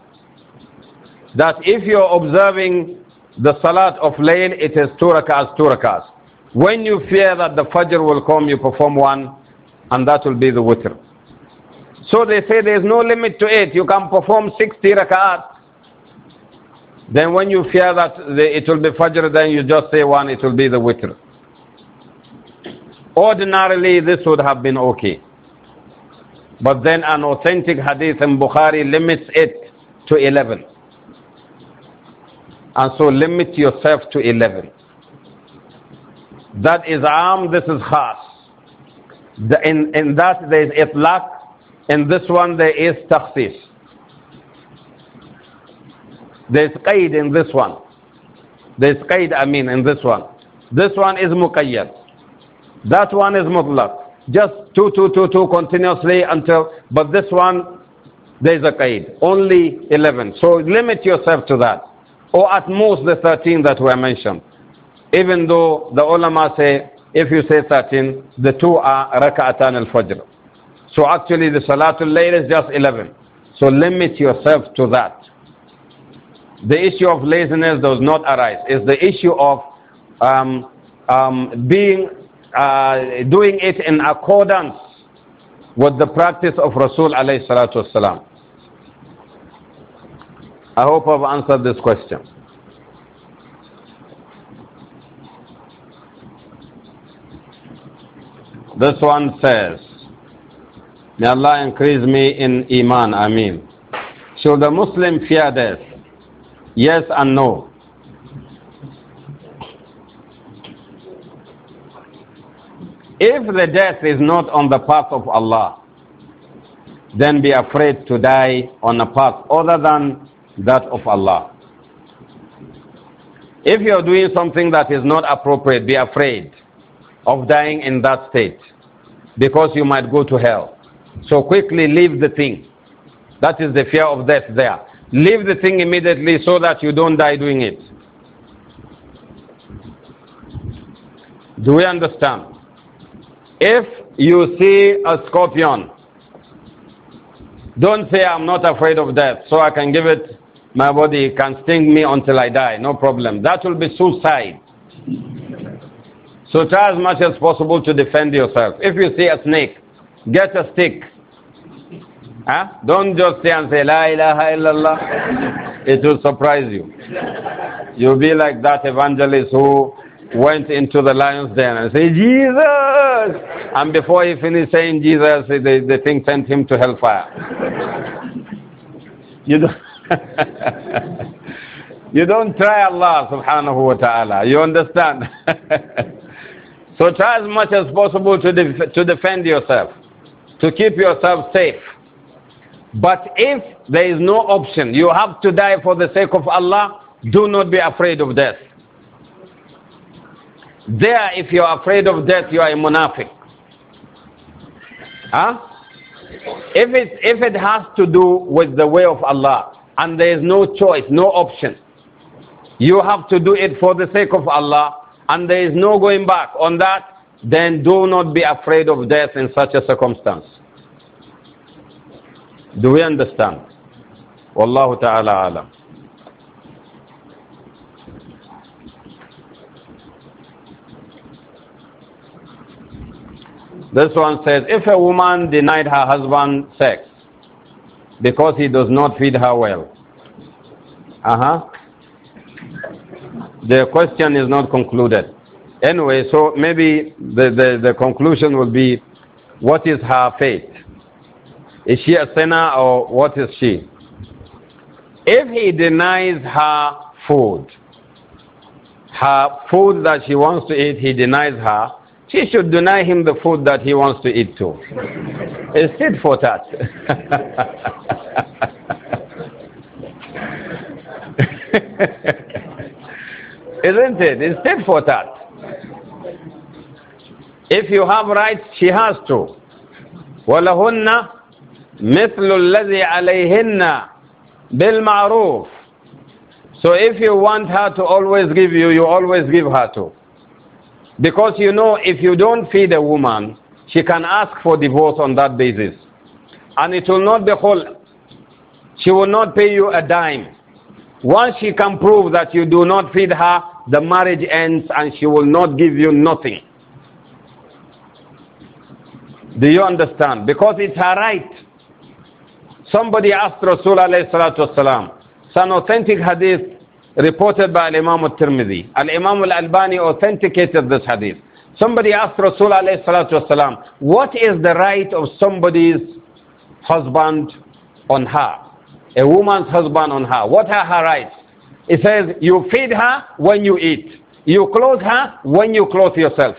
S1: that if you're observing the salat of layl it is two rak'ahs, two When you fear that the fajr will come you perform one and that will be the witr. So they say there is no limit to it. You can perform 60 rak'at. Then when you fear that it will be Fajr, then you just say one, it will be the witr. Ordinarily, this would have been okay. But then an authentic hadith in Bukhari limits it to 11. And so limit yourself to 11. That is am, this is khas. The, in, in that there is itlaq in this one there is takhsis. There is qaid in this one. There is qaid mean, in this one. This one is muqayyad. That one is mutlaq. Just two, two, two, two continuously until, but this one, there is a qaid. Only 11. So limit yourself to that. Or at most the 13 that were mentioned. Even though the ulama say, if you say 13, the two are raka'atan al-fajr. So actually the Salatul Layl is just 11. So limit yourself to that. The issue of laziness does not arise. It's the issue of um, um, being, uh, doing it in accordance with the practice of Rasul alayhi salatu wasalam. I hope I've answered this question. This one says, May Allah increase me in Iman, Ameen. Should the Muslim fear death? Yes and no. If the death is not on the path of Allah, then be afraid to die on a path other than that of Allah. If you're doing something that is not appropriate, be afraid of dying in that state because you might go to hell. So quickly leave the thing. That is the fear of death there. Leave the thing immediately so that you don't die doing it. Do we understand? If you see a scorpion, don't say, I'm not afraid of death, so I can give it my body, it can sting me until I die, no problem. That will be suicide. So try as much as possible to defend yourself. If you see a snake, Get a stick. Huh? Don't just stay and say, La ilaha illallah. It will surprise you. You'll be like that evangelist who went into the lion's den and said, Jesus! And before he finished saying Jesus, the, the thing sent him to hellfire. you don't. You don't try Allah subhanahu wa ta'ala. You understand? so try as much as possible to, def to defend yourself to keep yourself safe. But if there is no option, you have to die for the sake of Allah, do not be afraid of death. There, if you are afraid of death, you are a munafiq. Huh? If it, if it has to do with the way of Allah and there is no choice, no option, you have to do it for the sake of Allah and there is no going back on that, then do not be afraid of death in such a circumstance. Do we understand? Wallahu ta'ala alam. This one says, if a woman denied her husband sex because he does not feed her well, uh-huh, the question is not concluded. Anyway, so maybe the, the, the conclusion will be what is her faith? Is she a sinner or what is she? If he denies her food, her food that she wants to eat, he denies her, she should deny him the food that he wants to eat too. it's tit for that, not it? It's tit for tat. If you have rights, she has to. وَلَهُنَّ مِثْلُ الَّذِي عَلَيْهِنَّ بِالْمَعْرُوفِ So if you want her to always give you, you always give her to. Because you know, if you don't feed a woman, she can ask for divorce on that basis. And it will not be whole. She will not pay you a dime. Once she can prove that you do not feed her, the marriage ends and she will not give you nothing. Do you understand? Because it's her right. Somebody asked Rasul alayhi salatu wasalam. It's an authentic hadith reported by Imam al-Tirmidhi. Al-Imam al-Albani authenticated this hadith. Somebody asked Rasul alayhi salatu wasalam, what is the right of somebody's husband on her? A woman's husband on her. What are her rights? He says, you feed her when you eat. You clothe her when you clothe yourself.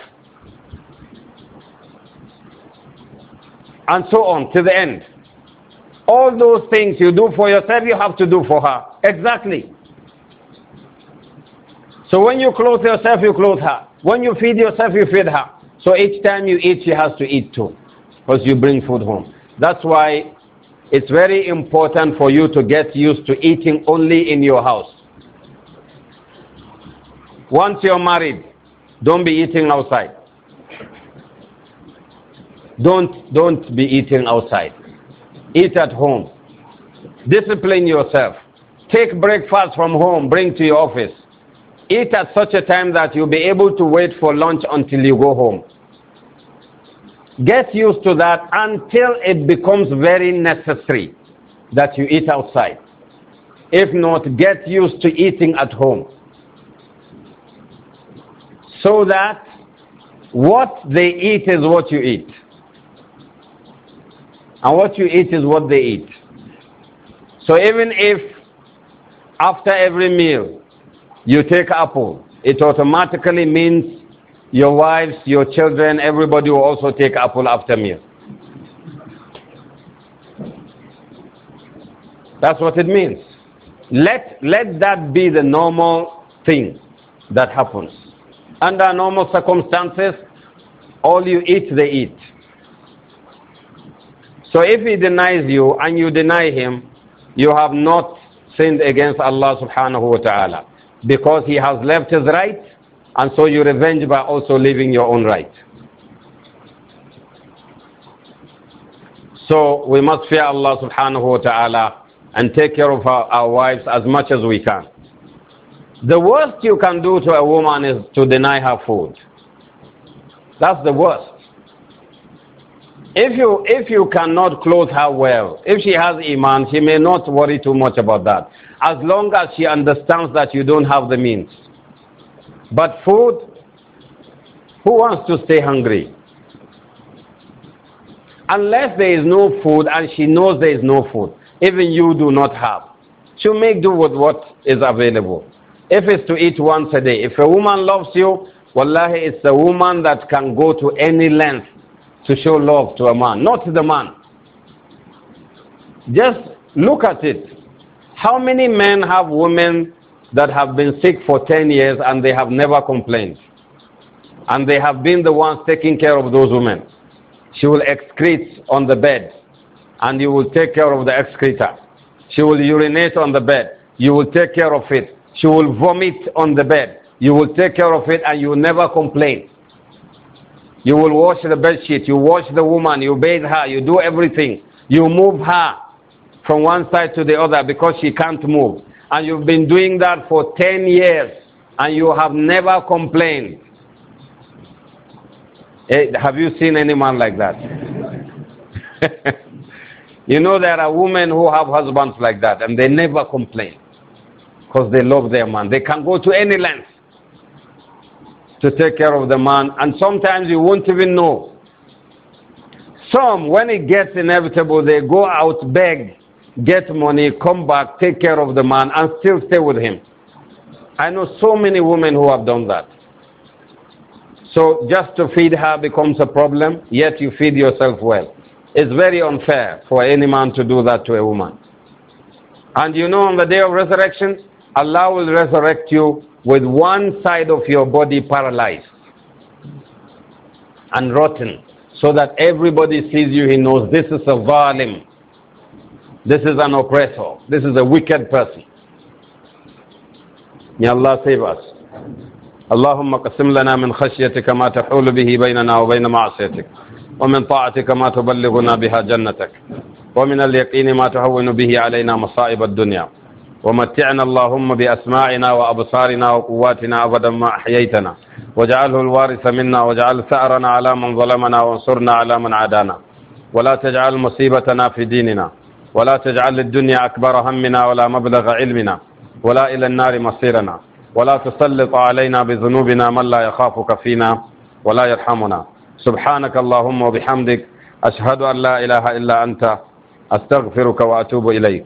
S1: and so on to the end. All those things you do for yourself, you have to do for her. Exactly. So when you clothe yourself, you clothe her. When you feed yourself, you feed her. So each time you eat, she has to eat too, because you bring food home. That's why it's very important for you to get used to eating only in your house. Once you're married, don't be eating outside. Don't, don't be eating outside. Eat at home. Discipline yourself. Take breakfast from home, bring to your office. Eat at such a time that you'll be able to wait for lunch until you go home. Get used to that until it becomes very necessary that you eat outside. If not, get used to eating at home. So that what they eat is what you eat. And what you eat is what they eat. So even if after every meal you take apple, it automatically means your wives, your children, everybody will also take apple after meal. That's what it means. Let, let that be the normal thing that happens. Under normal circumstances, all you eat, they eat. So if he denies you and you deny him, you have not sinned against Allah subhanahu wa ta'ala because he has left his right and so you revenge by also leaving your own right. So we must fear Allah subhanahu wa ta'ala and take care of our, our wives as much as we can. The worst you can do to a woman is to deny her food. That's the worst. If you, if you cannot clothe her well, if she has Iman, she may not worry too much about that. As long as she understands that you don't have the means. But food, who wants to stay hungry? Unless there is no food and she knows there is no food, even you do not have. she make do with what is available. If it's to eat once a day, if a woman loves you, wallahi, it's a woman that can go to any length to show love to a man, not the man. Just look at it. How many men have women that have been sick for 10 years and they have never complained? And they have been the ones taking care of those women. She will excrete on the bed and you will take care of the excreta. She will urinate on the bed. You will take care of it. She will vomit on the bed. You will take care of it and you will never complain. You will wash the bedsheet, you wash the woman, you bathe her, you do everything. You move her from one side to the other because she can't move. And you've been doing that for 10 years and you have never complained. Hey, eh, have you seen any man like that? you know, there are women who have husbands like that and they never complain because they love their man. They can go to any length to take care of the man, and sometimes you won't even know. Some, when it gets inevitable, they go out, beg, get money, come back, take care of the man, and still stay with him. I know so many women who have done that. So just to feed her becomes a problem, yet you feed yourself well. It's very unfair for any man to do that to a woman. And you know, on the day of resurrection, Allah will resurrect you with one side of your body paralyzed and rotten so that everybody sees you, he knows this is a valim, this is an oppressor, this is a wicked person. May Allah save us. اللهم قسم لنا من خشيتك ما تحول به بيننا وبين معصيتك ومن طاعتك ما تبلغنا بها جنتك ومن اليقين ما تهون به علينا مصائب الدنيا ومتعنا اللهم بأسماعنا وأبصارنا وقواتنا أبدا ما أحييتنا واجعله الوارث منا واجعل ثأرنا على من ظلمنا وانصرنا على من عادانا ولا تجعل مصيبتنا في ديننا ولا تجعل الدنيا أكبر همنا ولا مبلغ علمنا ولا إلى النار مصيرنا ولا تسلط علينا بذنوبنا من لا يخافك فينا ولا يرحمنا سبحانك اللهم وبحمدك أشهد أن لا إله إلا أنت أستغفرك وأتوب إليك